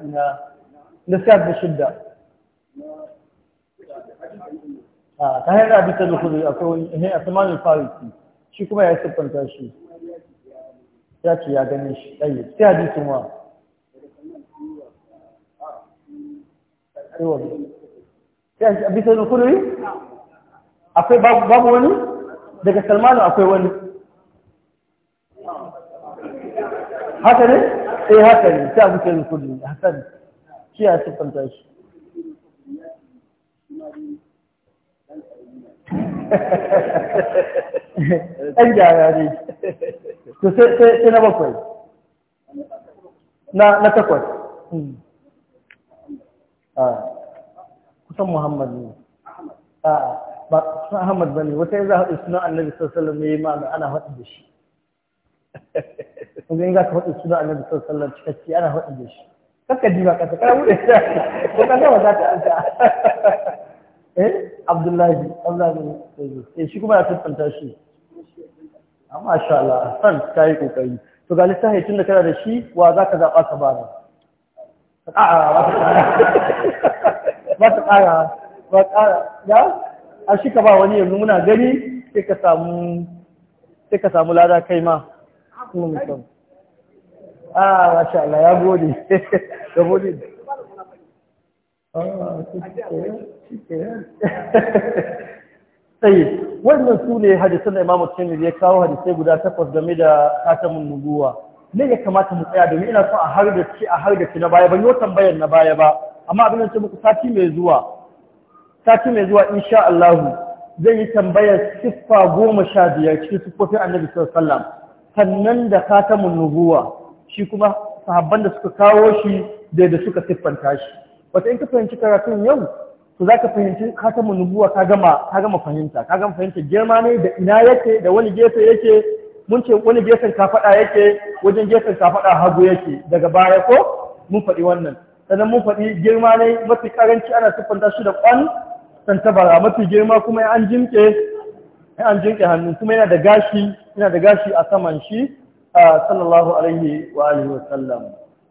Speaker 1: da shidda a ta hanyar abin da kudu akwai wani ne a samanin farisi shi kuma ya siffanta shi ya ce ya gani shi ɗaya sai hadisin wa sai abin da kudu akwai babu wani daga salmanu akwai wani haka ne eh haka ne sai abin da kudu hasan shi ya siffanta shi ɗan jaya ne to sai na bakwai na takwas hmm. ah. kusan muhammad ne ah, ba kusan ahmad ba ne wata yanzu haɗu suna annabi sassalin ne ma ana haɗu da shi in za ka haɗu suna annabi sassalin cikakke ana haɗu da shi kakka jiwa kasa kara wuɗe ta kuma ka gama za ta eh abdullahi abdullahi eh, shi kuma ya siffanta shi amma ah, sha Allah san ta yi kokari to ga lissafi tun da kana da shi wa za ka zaɓa ka bani a'a ba ta ƙara ba ta ƙara ba ƙara ya a shi ka ba wani yanzu muna gani sai ka samu sai ka samu lada kai ma mun san ah masha Allah ya gode ya gode ah tsaye wannan su ne hadisan da imamu tirmidhi ya kawo hadisai guda takwas game da katamun nubuwa ne ya kamata mu tsaya domin ina so a har da ci a har da ci na baya ban yi tambayar na baya ba amma abin da ce muku sati mai zuwa sati mai zuwa insha Allah zai yi tambayar siffa goma sha biyar cikin siffofin annabi sallallahu alaihi wasallam sannan da katamun nubuwa shi kuma sahabban da suka kawo shi da da suka siffanta shi wata in ka fahimci karatun yau to ka fahimci khatamun nubuwa ka gama ka fahimta ka gama fahimta girma ne da ina yake da wani gefe yake mun ce wani gefen kafada yake wajen gefen kafada hagu yake daga baya ko mun faɗi wannan sannan mun faɗi girma ne mafi karanci ana siffanta shi da kwan tabara mafi girma kuma an jimke an jinke hannu kuma yana da gashi yana da gashi a saman shi sallallahu alaihi wa alihi wa sallam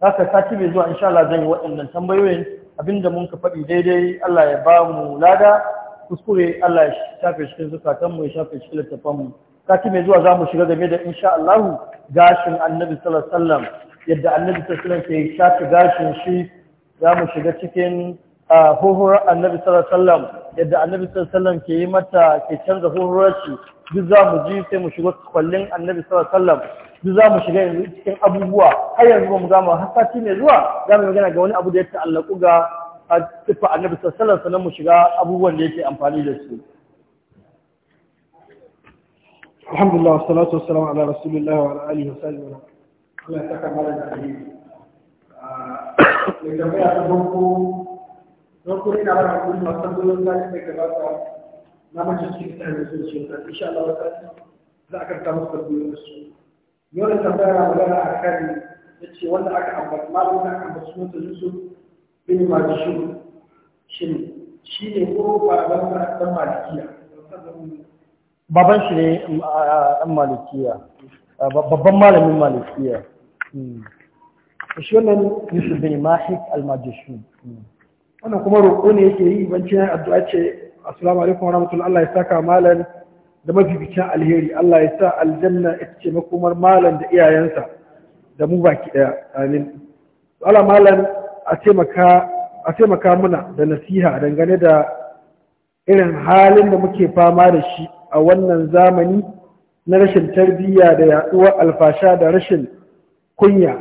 Speaker 1: haka sati mai zuwa insha Allah zan yi waɗannan tambayoyin abinda mun ka faɗi daidai Allah ya ba mu lada kuskure Allah ya shafe cikin zukatanmu ya shafe cikin littafanmu sati mai zuwa za mu shiga game da insha Allahu gashin annabi sallallahu alaihi wasallam yadda annabi sallallahu alaihi wasallam ke shafe gashin shi za mu shiga cikin hohorar annabi sallallahu alaihi wasallam yadda annabi sallallahu alaihi wasallam ke yi mata ke canza hohorar shi duk za mu ji sai mu shiga kwallin annabi sallallahu alaihi wasallam duk za mu shiga yanzu cikin abubuwa har yanzu ba mu gama har sati mai zuwa za mu magana ga wani abu da ya ta'allaku ga tufa annabi sallallahu mu shiga abubuwan da yake amfani da su alhamdulillah wassalatu wassalamu ala rasulillah wa ala alihi wa sahbihi wa Allah ya saka da ni a jami'a ta farko don kuma da gabata na Allah wata za a karta masu tattalin su yau da tambaya magana a kan da ce wanda aka ambata malu na aka ambata sunanta yusuf bin majishu shi shi ne ko baban sa dan malikiya baban shi ne dan mm, malikiya babban malamin malikiya hmm. shi wannan yusuf bin mahik al-majishu hmm. wannan kuma roƙo ne yake yi bancin addu'a ce assalamu alaikum warahmatullahi Allah ya saka malan da mafificin alheri Allah ya sa aljanna ita ce makomar malam da iyayensa da mu baki daya amin Allah malam a taimaka a taimaka muna da nasiha dangane da irin halin da muke fama da shi a wannan zamani na rashin tarbiyya da yaɗuwar alfasha da rashin kunya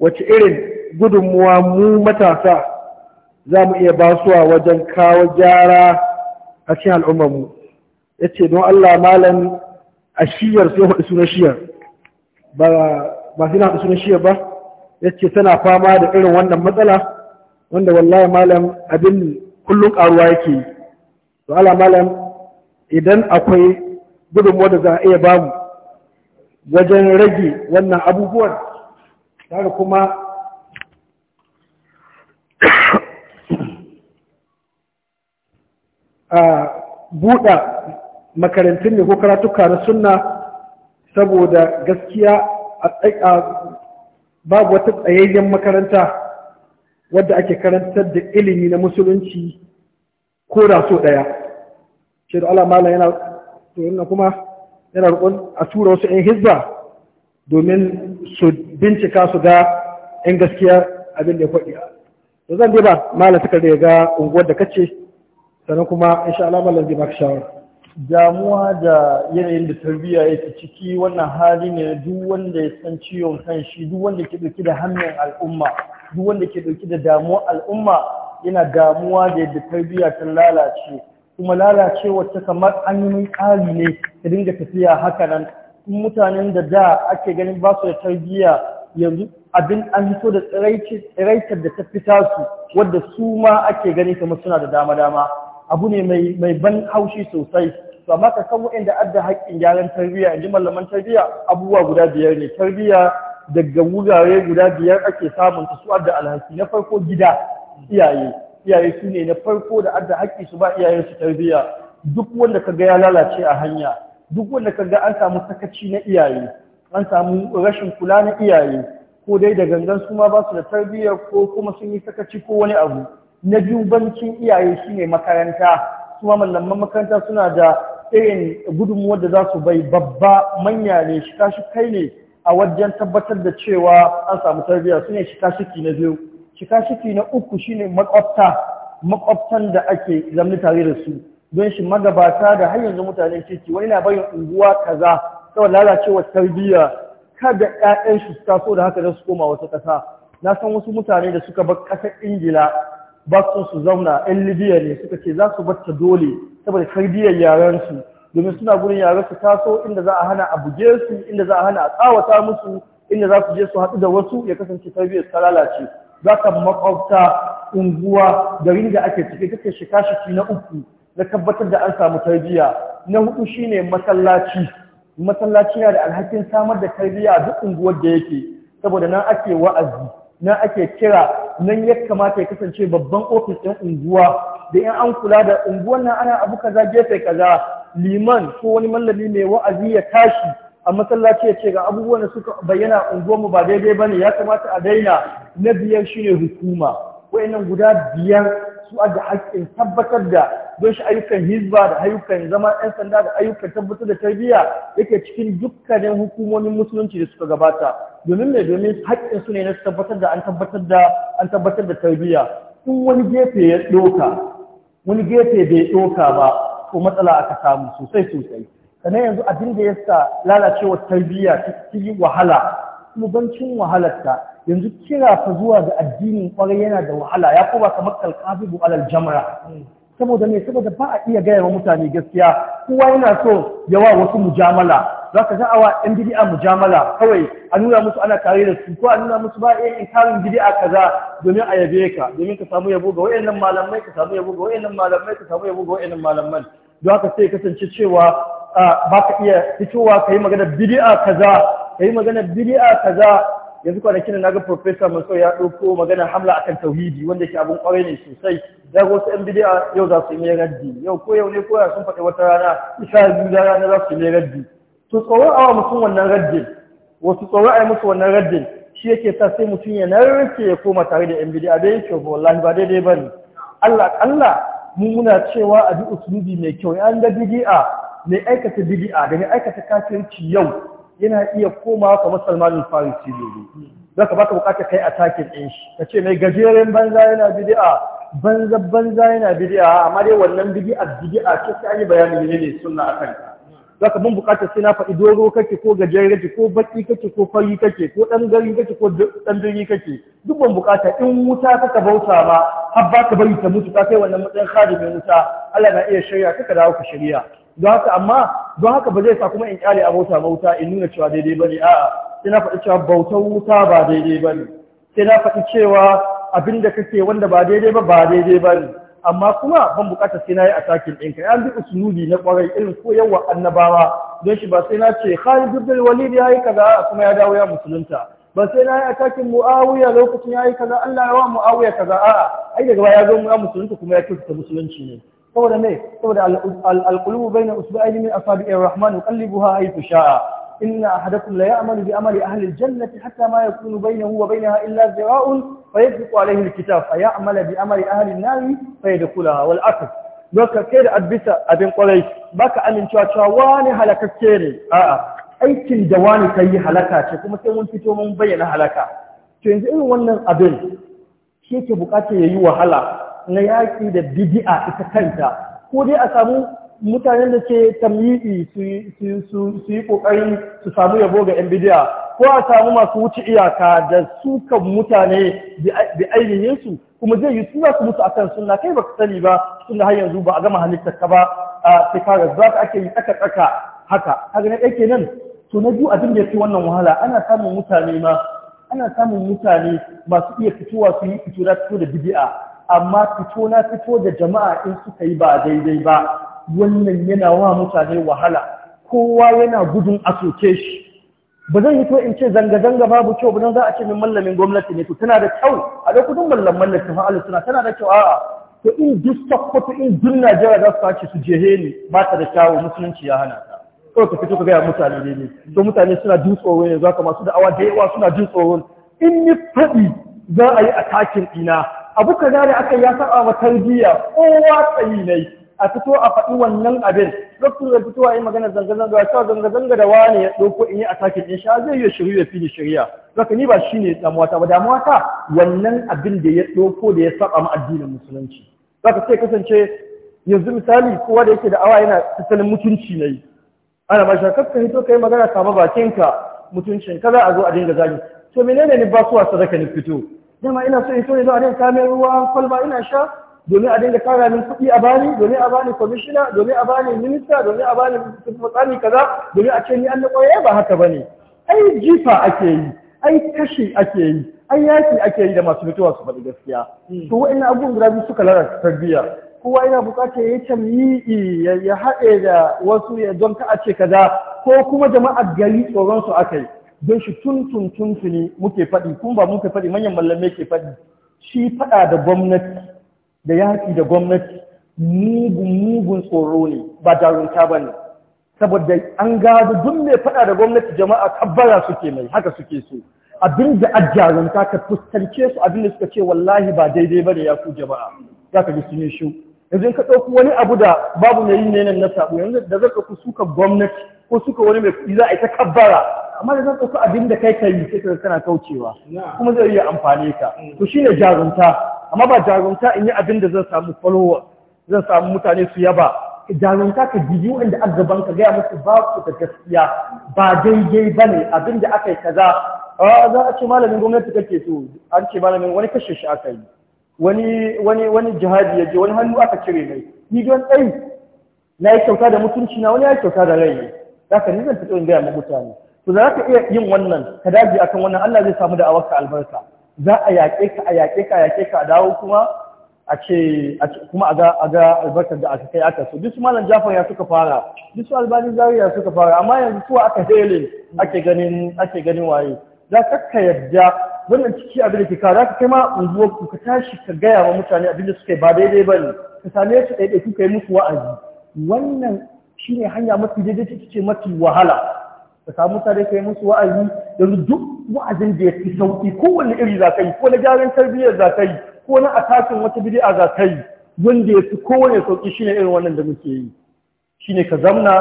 Speaker 1: wace irin gudunmuwa mu matasa za mu iya basuwa wajen kawo gyara a cikin mu. ya ce don Allah malam a shiyar sai haɗu sunan shiyar ba su na haɗu sunan shiyar ba ya ce tana fama da irin wannan matsala wanda wallahi malam abin kullum ƙaruwa yake yi to Allah malam idan akwai gudun da za a iya bamu wajen rage wannan abubuwan tare kuma a buɗa makarantun ne ko karatuka na sunna saboda gaskiya a babu wata tsayayyen makaranta wadda ake karantar da ilimi na musulunci ko da so ɗaya ce da Allah yana na kuma yana rukun a tura wasu 'yan hizba domin su bincika su ga 'yan gaskiya abin da ya faɗi da zan dai ba malam suka da ga unguwar da kace sannan kuma insha Allah malam zai baka shawara damuwa da yanayin da tarbiyya ya yake ciki wannan hali ne duk wanda ya san ciwon kan shi duk wanda ke dauki da hannun al'umma duk wanda ke dauki da damuwa al'umma yana damuwa da yadda tarbiyya ta lalace kuma lalacewa ta kamar an yi ƙari ne ka dinga tafiya haka nan mutanen da da ake ganin ba su da tarbiyya yanzu abin an fito da tsiraitar da ta fita su wadda su ma ake gani kamar suna da dama-dama abu ne mai ban haushi sosai to maka ka san wa'anda adda haƙƙin gyaran tarbiyya inji malaman tarbiyya abubuwa guda biyar ne tarbiyya daga wurare guda biyar ake samun ta su adda alhaki na farko gida iyaye iyaye su ne na farko da adda haƙƙi su ba iyayen su tarbiyya duk wanda ka ga ya lalace a hanya duk wanda ka ga an samu sakaci na iyaye an samu rashin kula na iyaye ko dai da gangan su ma ba su da tarbiyya ko kuma sun yi sakaci ko wani abu na biyu bancin iyaye shine makaranta su ma malaman makaranta suna da irin gudunmuwar da za su bai babba manya ne shika shi kai ne a wajen tabbatar da cewa an samu tarbiyya su ne shika shiki na biyu shika shiki na uku shine makwabta makwabtan da ake zamni tare da su don shi magabata da har yanzu mutanen ciki wani na bayan unguwa kaza saboda lalacewar tarbiyya kada ƴaƴan su taso da haka za su koma wata ƙasa na san wasu mutane da suka bar ƙasar ingila ba su su zauna yan libya ne suka ce za su batta dole saboda kardiyar yaren su domin suna gurin yaren su taso inda za a hana a buge su inda za a hana a tsawata musu inda za su je su haɗu da wasu ya kasance tarbiyyar ta lalace za ka makwabta unguwa garin da ake ciki kake shika shiki na uku na tabbatar da an samu tarbiyya na hudu shine masallaci masallaci na da alhakin samar da tarbiyya a duk unguwar da yake saboda nan ake wa'azi na ake kira nan ya kamata ya kasance babban ofis ɗin unguwa da in an kula da unguwan nan ana abu kaza gefe kaza liman ko wani mallami mai wa'azi ya tashi a masallaci ya ce ga abubuwan da suka bayyana unguwar mu ba daidai bane ya kamata a daina na biyar shine hukuma wayannan guda biyar su da haƙƙin tabbatar da don shi ayyukan hizba da ayyukan zama ɗan sanda da ayyukan tabbatar da tarbiyya yake cikin dukkanin hukumomin musulunci da suka gabata domin mai domin haƙƙin su ne na tabbatar da an tabbatar da an tabbatar da tarbiyya in wani gefe ya ɗoka wani gefe bai ɗoka ba ko matsala aka samu sosai sosai sannan yanzu abin da ya sa lalacewar tarbiyya ta yi wahala kuma bancin wahalarta yanzu kira zuwa ga addinin kwarai yana da wahala ya kuma kamar kalkazibu alal jamra saboda me saboda ba a iya gaya wa mutane gaskiya kowa yana so yawa wasu mujamala za ka za a wa ɗan bidi'a mujamala kawai a nuna musu ana kare da su ko a nuna musu ba a in karin bidi'a kaza domin a yabe ka domin ka samu yabo ga wayannan malamai ka samu yabo ga wayannan malamai ka samu yabo ga wayannan malaman don haka sai kasance cewa ba ka iya fitowa ka yi maganar bidi'a kaza ka yi maganar bidi'a kaza yanzu kwanakin na ga professor Mansur ya ɗauko magana hamla akan tauhidi wanda ke abin kwarai ne sosai da wasu yan bidiya yau za su yi mai raddi yau ko yau ne ko ya sun faɗi wata rana isa biyu da rana za su yi mai raddi to tsoron awa mutum wannan raddin wasu tsoron a yi musu wannan raddi shi yake sa sai mutum ya narke ya koma tare da yan bidiya da yake ba ba daidai ba ne Allah Allah mun muna cewa a bi usulubi mai kyau an ga bidi'a mai aikata bidi'a da mai aikata kafirci yau yana iya komawa kamar salmanin farisi ne za ka baka bukatar kai a takin ɗin shi ka ce mai gajeren banza yana bidi'a banza banza yana bidi'a amma dai wannan bidi'a bidi'a ce sai an yi bayanin ne ne sunna a ta za ka mun bukatar sai na faɗi dogo kake ko gajeren kake ko baki kake ko fari kake ko ɗan gari kake ko ɗan birni kake duk ban bukata in wuta kaka bauta ba har ba ka bari ta mutu ka kai wannan matsayin khadimin wuta Allah na iya shirya kaka dawo ka shirya don haka amma don haka ba zai sa kuma in kyale abota bauta in nuna cewa daidai bane a'a sai na faɗi cewa bautar wuta ba daidai bane sai na faɗi cewa abin da kake wanda ba daidai ba ba daidai bane amma kuma ban bukatar sai na yi atakin ɗinka ya bi usulubi na kwarai irin koyarwa annabawa don shi ba sai na ce Khalid bin Walid ya yi kaza kuma ya dawo ya musulunta ba sai na yi atakin Muawiya lokacin ya yi kaza Allah ya wa Muawiya kaza a'a ai daga baya ya zo mu musulunta kuma ya kyautata musulunci ne saboda me saboda a baina usba'ayni min asabi'ir rahman ha haythu sha'a inna ahadakum la ya'malu bi amali halin aljannati hatta ma yakunu bainahu wa na illa zira'un fayafiqu alayhi alkitab fa ya'malu bi amali ahli an-nari fayadkhulaha wal asr baka kai da adbisa abin kwarai baka amincewa cewa wani halakakke ne a'a aikin da wani kai halaka ce kuma sai mun fito mun bayyana halaka to yanzu irin wannan abin shi yake bukatar yayi wahala na yaƙi da bidi'a ita kanta ko dai a samu mutanen da ke tamyi'i su yi ƙoƙarin su samu yabo ga 'yan bidiya ko a samu masu wuce iyaka da suka mutane da su kuma zai yi suna su mutu akan suna kai baka sani ba suna har yanzu ba a gama halittar ka ba a shekarar za ka ake yi tsaka tsaka haka A na ɗake nan to na biyu abin da ya fi wannan wahala ana samun mutane ma ana samun mutane masu iya fitowa su yi fito da fito da bidi'a amma fito na fito da jama'a in suka yi ba daidai ba wannan yana wa mutane wahala kowa yana gudun a soke shi ba zan yi to in ce zanga-zanga babu kyau ba za a ce min mallamin gwamnati ne to tana da kyau a da kudin mallam mallamin fa'alu suna tana da kyau a'a to in duk sakkwato in duk najeriya za su sace su jehe ne ba ta da kyawun musulunci ya hana ta kawai ka fito ka gaya mutane daidai to mutane suna jin tsoro ne za ka masu da'awa da yawa suna jin tsoro in ni faɗi za a yi a takin ina abu kaza da aka ya saba wa tarbiyya kowa tsayi ne a fito a faɗi wannan abin lokacin da a yi magana zanga-zanga ya zanga-zanga da wani ya ɗauko in yi a takin in sha zai yi shiru ya fi shirya zaka ni ba shi ne damuwata ba damuwata wannan abin da ya ɗauko da ya saba ma addinin musulunci zaka sai kasance yanzu misali kowa da yake da awa yana tattalin mutunci ne ana mashi shakar ka hito kai magana kama bakinka mutuncin kaza a zo a dinga zagi to menene ne ba suwa sadaka ni fito dama ina so in so a zuwa dinga kamar ruwan kwalba ina sha domin a dinga kara min kuɗi a bani domin a bani kwamishina domin a bani minista domin a bani matsami kaza domin a ce ni an na ba haka bane ai jifa ake yi ai kashi ake yi ai yaki ake yi da masu mutuwa su faɗi gaskiya hmm. to wa'annan abubuwan guda biyu suka lalata tarbiyya kowa yana buƙatar ya tamyi'i ya haɗe da wasu ya don ka a ce kaza ko kuma jama'a gari tsoron su aka yi don shi tun tun muke faɗi kun ba muke faɗi manyan mallamai ke faɗi shi faɗa da gwamnati da yaki da gwamnati mugun mugun tsoro ne ba jarunta ba ne saboda an gado duk mai faɗa da gwamnati jama'a kabbara suke mai haka suke so abin da a jarunta ka fuskance su abin da suka ce wallahi ba daidai ba da ya ku jama'a za ka ji sun yi yanzu ka ɗauki wani abu da babu mai yi ne na saɓo yanzu da zaka ku suka gwamnati ko suka wani mai kuɗi za a yi ta kabbara amma da zan ɗauki abin da kai ka yi sai ka kana kaucewa kuma zai iya amfani ka mm. to shine jarumta amma ba jarumta in yi abin da zan samu follower zan samu mutane su yaba jarumta ka jiji wanda a gaban ka gaya musu ba ku da gaskiya ba daidai ba ne abin da aka yi kaza za a ce malamin gwamnati kake so an ce malamin wani kashe shi aka yi wani wani jihadi ya je wani hannu aka cire mai ni don tsayi na yi kyauta da mutunci na wani ya kyauta da rai za ka nizan fito in gaya ma mutane to za ka iya yin wannan ka daji akan wannan Allah zai samu da awarka albarka za a yaƙe ka a yaƙe ka a yaƙe ka a dawo kuma a ce kuma a ga albarkar da aka kai aka so duk malam jafar ya suka fara duk albani zariya suka fara amma yanzu kuwa aka hele ake ganin ake ganin waye za ka ka yadda wannan ciki abin da ke kawo za ka kai ma unguwar ku ka tashi ka gaya wa mutane abin da suka yi ba daidai ba ne ka same su ɗaiɗai kuka yi musu wa'azi wannan shine hanya mafi daidai ce mafi wahala ka samu mutane kai musu wa'azi yanzu duk wa'azin da ya fi sauki kowane iri za ka yi ko na gyaran tarbiyyar za ka yi ko na atakin wata bid'a za ka yi wanda ya fi kowane shi shine irin wannan da muke yi Shi ne ka zamna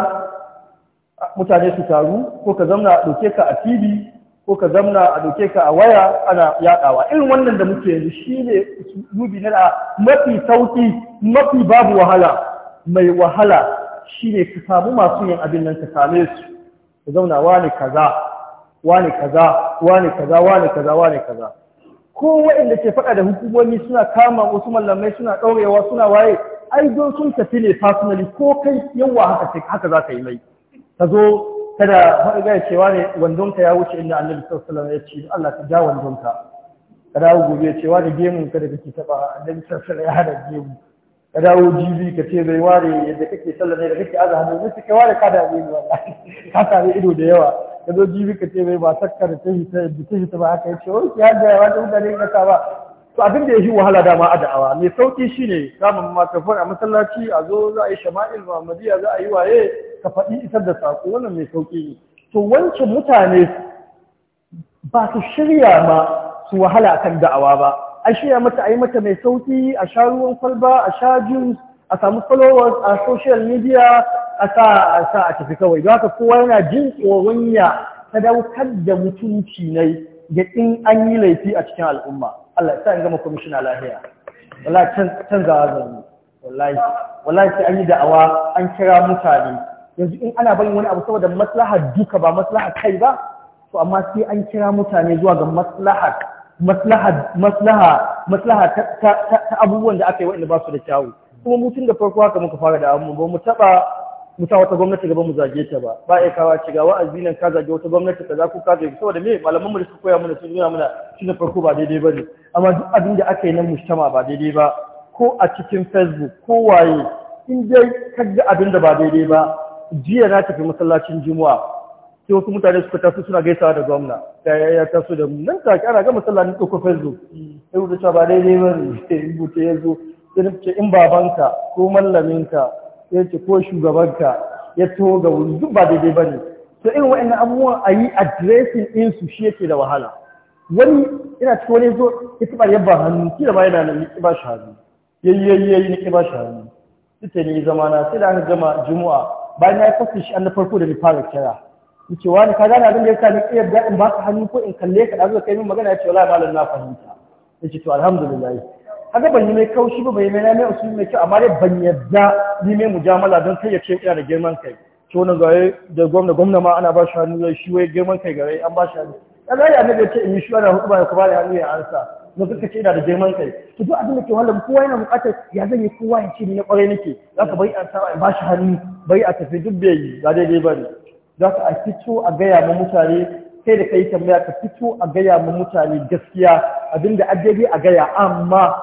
Speaker 1: mutane su taru ko ka zamna a ɗauke ka a tv ko ka zamna a ɗauke ka a waya ana yaɗawa irin wannan da muke yanzu shi ne na mafi sauƙi mafi babu wahala mai wahala shi ne ka samu masu yin abin nan ka same su ka zauna wani kaza wani kaza wani kaza wani kaza wani kaza ko waɗanda ke faɗa da hukumomi suna kama wasu mallamai suna ɗaurewa suna waye ai don sun tafi ne personally ko kai yawa haka haka za ka yi mai ka zo kada faɗa cewa ne wandonka ya wuce inda annabi sallallahu alaihi wasallam ya ce Allah ka ja wandonka ka dawo gobe cewa da gemun ka da kake taba annabi sallallahu alaihi wasallam ya hada gemu ka dawo jibi ka ce zai ware yadda kake sallah ne da kake aza hannu sai ka ware ka da abin wallahi ka sami ido da yawa ka zo jibi ka ce zai ba sakka da yi ta da yi ta ba aka yi yace oh ki hadda ya wata mutane ka sa ba to abin da ya shi wahala dama a da'awa mai sauki shine samun makrofon a masallaci a zo za a yi shama'il muhammadiya za a yi waye ka faɗi isar da saƙo wannan mai sauki ne to wancan mutane ba su shirya ma su wahala akan da'awa ba a shirya mata a yi mata mai sauki a sha ruwan kwalba a sha jins a samu followers a social media a sa a sa a tafi kawai don haka kowa yana jin tsoron ya sadaukar da mutunci ne da in an yi laifi a cikin al'umma Allah ya sa in gama kwamishina lahiya wallahi canzawa zan yi wallahi sai an yi da'awa an kira mutane yanzu in ana bayin wani abu saboda maslahar duka ba maslahar kai ba to amma sai an kira mutane zuwa ga maslahar. maslaha ta abubuwan da aka yi waɗanda ba su da kyawu kuma mutum da farko haka muka fara da amma ba mu taɓa musa wata gwamnati gaba mu zage ta ba ba yi kawo shiga wa'azi nan ka zage wata gwamnati za ku kaza zage saboda me malaman mu da suka koya mana sun nuna mana shi na farko ba daidai ba ne amma duk abin da aka yi nan mushtama ba daidai ba ko a cikin facebook ko waye in dai kaga abin da ba daidai ba jiya na tafi masallacin juma'a sai wasu mutane suka taso suna gaisawa da gwamna ta ya taso da mu nan ta ana gama sallah ni ko fezo sai cewa ba daidai ba ne in bute ya zo sai ce in babanka ko mallaminka ya ce ko shugabanka ya taho ga wuri duk ba daidai ba ne to irin wa'annan abubuwan a yi addressing din su shi yake da wahala wani ina cikin wani zo ya kiba ya ba hannu kila ba yana nan ya kiba shi hannu Ya yi ya shi hannu sai yi zama na sai da aka gama juma'a bayan na yi shi an na farko da ni fara kira yace wani ka gane abin da yasa ni iya da in baka hannu ko in kalle ka da zuwa kai min magana yace wallahi malam na fahimta yace to alhamdulillah haka ban yi mai kaushi ba bai mai na mai usuli mai kyau amma dai ban yadda ni mai mujamala don kai ya ce ina da girman kai to wannan gare da gwamna gwamna ma ana ba shi hannu shi wai girman kai gare an ba shi hannu kaga ya annabi yace in yi shi wannan hukuma ya kuma da hannu ya ansa na suka ce ina da girman kai to duk abin da ke wallan kowa yana buƙatar ya zan yi kowa ya ce ni na kwarai nake zaka bai a sa ba shi hannu bai a tafi duk bai yi daidai ba za ka a fito a gaya ma mutane kai da kai tambaya ka fito a gaya ma mutane gaskiya abinda addabi a gaya amma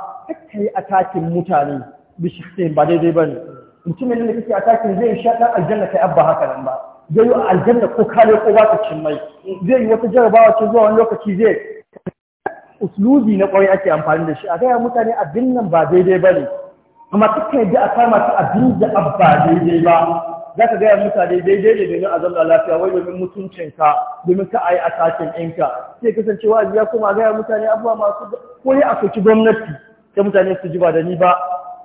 Speaker 1: kai a atakin mutane sai ba daidai ba ne mutumin da kake atakin zai sha dan aljanna kai abba haka nan ba zai yi aljanna ko kare ko ba ta cin mai zai yi wata jarabawa ce zuwa wani lokaci zai uslubi na kwai ake amfani da shi a gaya mutane abin nan ba daidai bane ne amma kakka da a kama su abin da abba daidai ba za ka gaya mutane daidai ne domin a zauna lafiya wai domin mutuncinka domin ka a yi asakin ɗinka sai kasancewa a ya koma gaya mutane abubuwa masu ko a akwai gwamnati sai mutane su ji ba da ni ba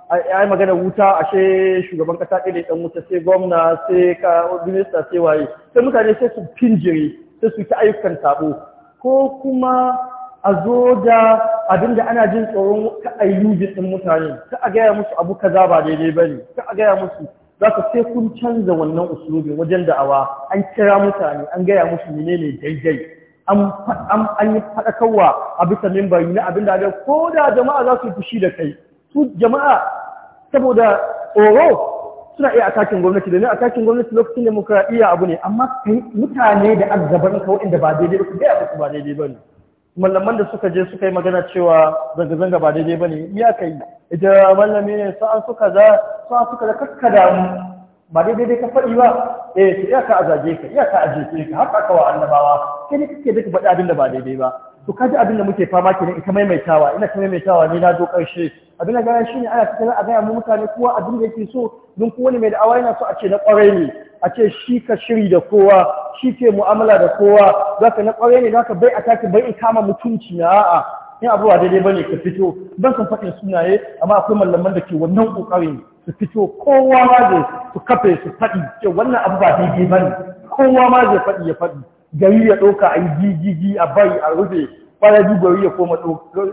Speaker 1: a yi magana wuta ashe shugaban kasa ɗaya ɗan wuta sai gwamna sai ka minista sai waye sai mutane sai su pinjiri sai su ta ayyukan sabo ko kuma a zo da abin da ana jin tsoron ka ayyubi ɗin mutane ka a gaya musu abu kaza ba daidai ba ne ka a gaya musu za ka sai kun canza wannan usulubin wajen da'awa an kira mutane an gaya musu ne daidai an yi faɗakarwa a bisa mimbari na abin da ga ko da jama'a za su fushi da kai su jama'a saboda oro, suna iya atakin gwamnati Da ne atakin gwamnati lokacin demokradiyya abu ne amma mutane da azzabar kawai da ba daidai ba su gaya su ba daidai ba ne malaman da suka je suka yi magana cewa zanga-zanga ba daidai ba ne ya ka yi ita malami ne sa'an suka za sa'an suka da da damu ba daidai dai ka faɗi ba eh to iya ka azaje ka iya ka ka haka kawa annabawa kai ne kake duka faɗi abin da ba daidai ba to kaji abin da muke fama kenan ita maimaitawa ina ta maimaitawa ne na zo karshe abin da gaya shine ana cikin a gaya mu mutane kowa abin da yake so don kowane mai da'awa yana so a ce na kwarai ne a ce shi ka shiri da kowa shi ke mu'amala da kowa Za ka na kwarai ne za ka bai ataki bai in kama mutunci na a'a in abu ba daidai bane ka fito ban san faɗin sunaye amma akwai mallaman da ke wannan kokarin su fito kowa ma zai su kafe su faɗi ce wannan abu ba daidai bane kowa ma zai faɗi ya faɗi gari ya ɗauka a yi gigigi a bari a rufe ƙwararri gari ya koma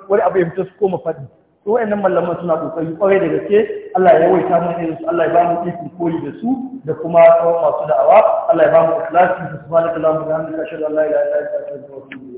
Speaker 1: wani abu ya fito su koma faɗi to wayannan mallaman suna kokari kwarai da gaske Allah ya yawaita mu irin su Allah ya ba mu ikon koyi da su da kuma tsawon masu da'awa Allah ya ba mu ikhlasi subhanaka da wa bihamdika ashhadu an la ilaha illa anta astaghfiruka wa atubu